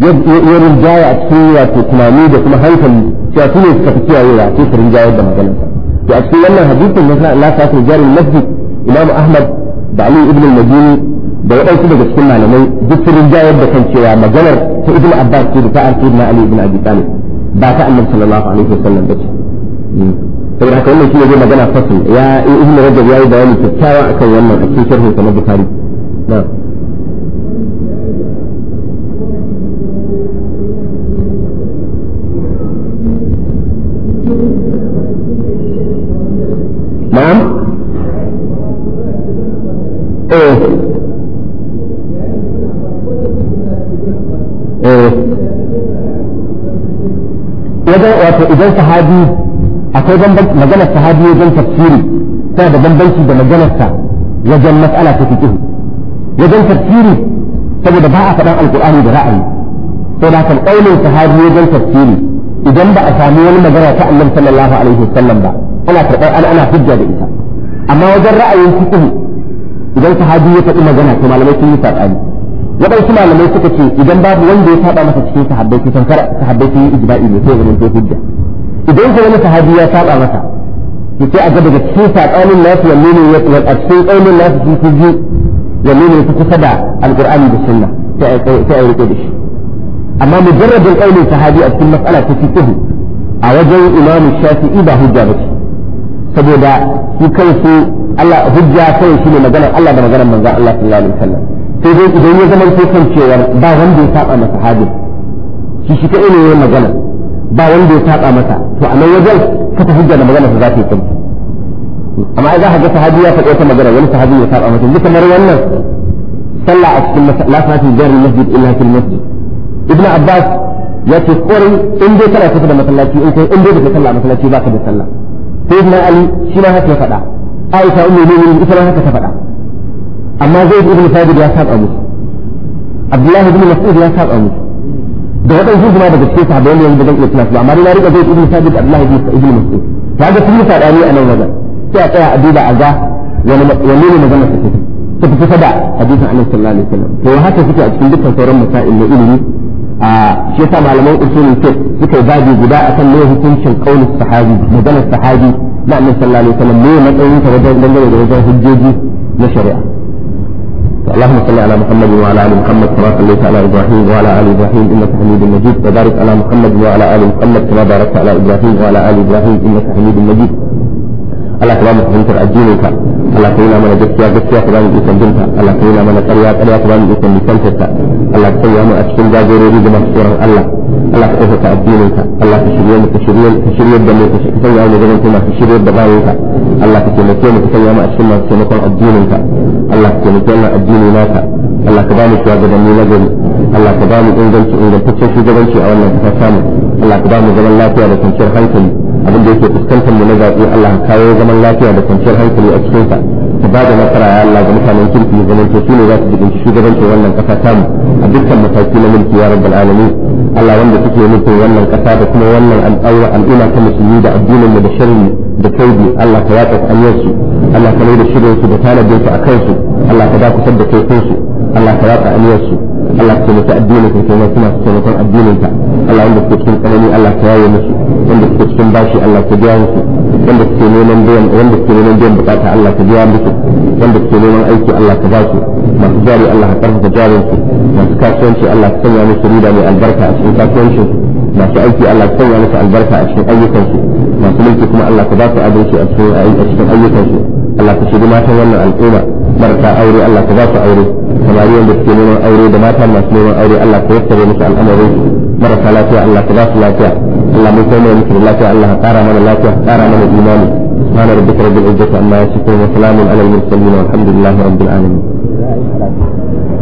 ya rinjaya a cikin wato tunani da kuma hankali cewa su ne suka fi kiyayewa sai su rinjaya da maganarsa to a cikin wannan hadisin na Allah ta ta jarin masjid Imam Ahmad da Ali ibn al-Madini da waɗansu daga cikin malamai duk sun rinjayar da kan cewa maganar ta Ibn Abbas ce da ta Arfi na Ali ibn Abi Talib ba ta Annabi sallallahu alaihi wasallam ba ce saboda haka wannan shi ne zai magana fasil ya Ibn Rajab yayi bayani kyakkyawa akan wannan a cikin sharhin sa na Bukhari نعم نعم ايه ايه idan sahabi akwai maganar sahabi wajen tafsiri ta da bambanci da maganarsa wajen mas'ala ta fiqh wajen tafsiri saboda ba a faɗan alkur'ani da ra'ayi sai da kan ƙaunin sahabi wajen tafsiri idan ba a sami wani magana ta annabi sallallahu alaihi wasallam ba ana karɓar ana ana hujja da ita amma wajen ra'ayin fiqh idan sahabi ya faɗi magana to malamai sun yi sabani waɗansu malamai suka ce idan babu wanda ya saɓa masa cikin sahabbai to tankar sahabbai sun yi ijma'i ne sai zaman to hujja idan ka wani sahabi ya saɓa masa to sai a ga daga cikin sabanin nasu ne ne ya a cikin ƙaunin nasu sun fi wanne ne fi kusa da alqur'ani da sunna sai a rike da shi amma mujarradin qaulin sahabi a cikin mas'ala ta fiqh a wajen imamu shafi'i ba hujja ba ce saboda su kansu Allah hujja kai shi ne maganar Allah da maganar manzo Allah sallallahu alaihi wasallam sai dai idan ya zama sai kan cewa ba wanda ya saba masa hadin shi shi kai ne magana ba wanda ya saba masa to a nan wajen ka ta hujja da maganar sa za ta yi amma za ka ga sahabi ya faɗi wata magana wani sahabi ya saba mata duka mar wannan sallah a cikin masallaci jarin masjid illa fil masjid ibnu abbas ya ce kore in dai kana kusa da masallaci in kai in dai baka sallah masallaci ba baka da sallah sai ibnu ali shi ma haka ya faɗa aisha ummu mu'minin ita ma haka ta faɗa amma zaid ibn thabit ya saba musu abdullahi ibn mas'ud ya saba musu da waɗansu kuma daga cikin sahabbai ne yanzu da zan iya tunasu amma dai na riƙa zaid ibn thabit abdullahi ibn mas'ud ya ga sun yi saɗani a nan wajen تأتي عديد عزاء ولمين مجمع تكتب تبتسدع صلى الله عليه وسلم اللهم صل على محمد وعلى ال محمد كما صليت على ابراهيم وعلى ال ابراهيم انك حميد مجيد وبارك على محمد وعلى ال محمد كما باركت على ابراهيم وعلى ال ابراهيم انك حميد مجيد Allah ka ba mu fahimtar addinin ka Allah ka nuna mana gaskiya gaskiya ka zamu ikon binta Allah ka nuna mana ƙarya ƙarya ka zamu ikon nisantarta Allah ka sanya mu a cikin jagorori da masu tsoron Allah Allah ka ɗaukaka addininka Allah ka shirya mu ka shirya ka shirye da mu ka sanya mu zaman kuma ka shirye da bayanka Allah ka taimake mu ka sanya mu a cikin masu taimakon addininka Allah ka taimake mu addini naka Allah ka ba mu shugabanni na gari Allah ka ba mu inganci ingantaccen shugabanci a wannan kasa samu Allah ka ba zaman lafiya da kwanciyar hankali abin da yake fuskantar mu na zaɓe Allah ka kawo zaman lafiya da kwanciyar hankali a cikinsa ka ba da nasara ya Allah ga mutanen kirki zaman to ne za su dubi shugabancin wannan kasa tamu a dukkan mataki na mulki ya rabbal alamin Allah wanda suke nufin wannan kasa da kuma wannan al'aura al'umma ta musulmi da addinin mu da sharri da kaidi Allah ka yaka su Allah ka mai da shirin su da tanadin su a kansu Allah ta da kusar da kai su Allah ka watsa aliyarsu Allah ka taimaki addinin ka kenan suna taimakon addinin ka Allah wanda suke cikin tsanani Allah ka yaye musu wanda suke cikin bashi Allah ka biya musu wanda suke neman biyan wanda suke neman biyan bukata Allah ka biya musu wanda suke neman aiki Allah ka ba su masu jari Allah ka karfafa jarin su masu kasuwanci Allah ka sanya musu riba mai albarka a cikin kasuwancin masu aiki Allah ka sanya musu albarka a cikin ayyukansu masu mulki kuma Allah ka ba su adalci a cikin ayyukansu Allah ka shiga matan wannan al'umma marka aure Allah ka ba su aure samari wanda suke neman aure da mata masu neman aure Allah ka yassare musu al'amarin marasa lafiya Allah ka ba su lafiya Allah mun kai mai musu lafiya Allah ka kara mana lafiya ka kara mana imani سبحان ربك رب العزة amma يصفون وسلام على alal والحمد لله rabbil alamin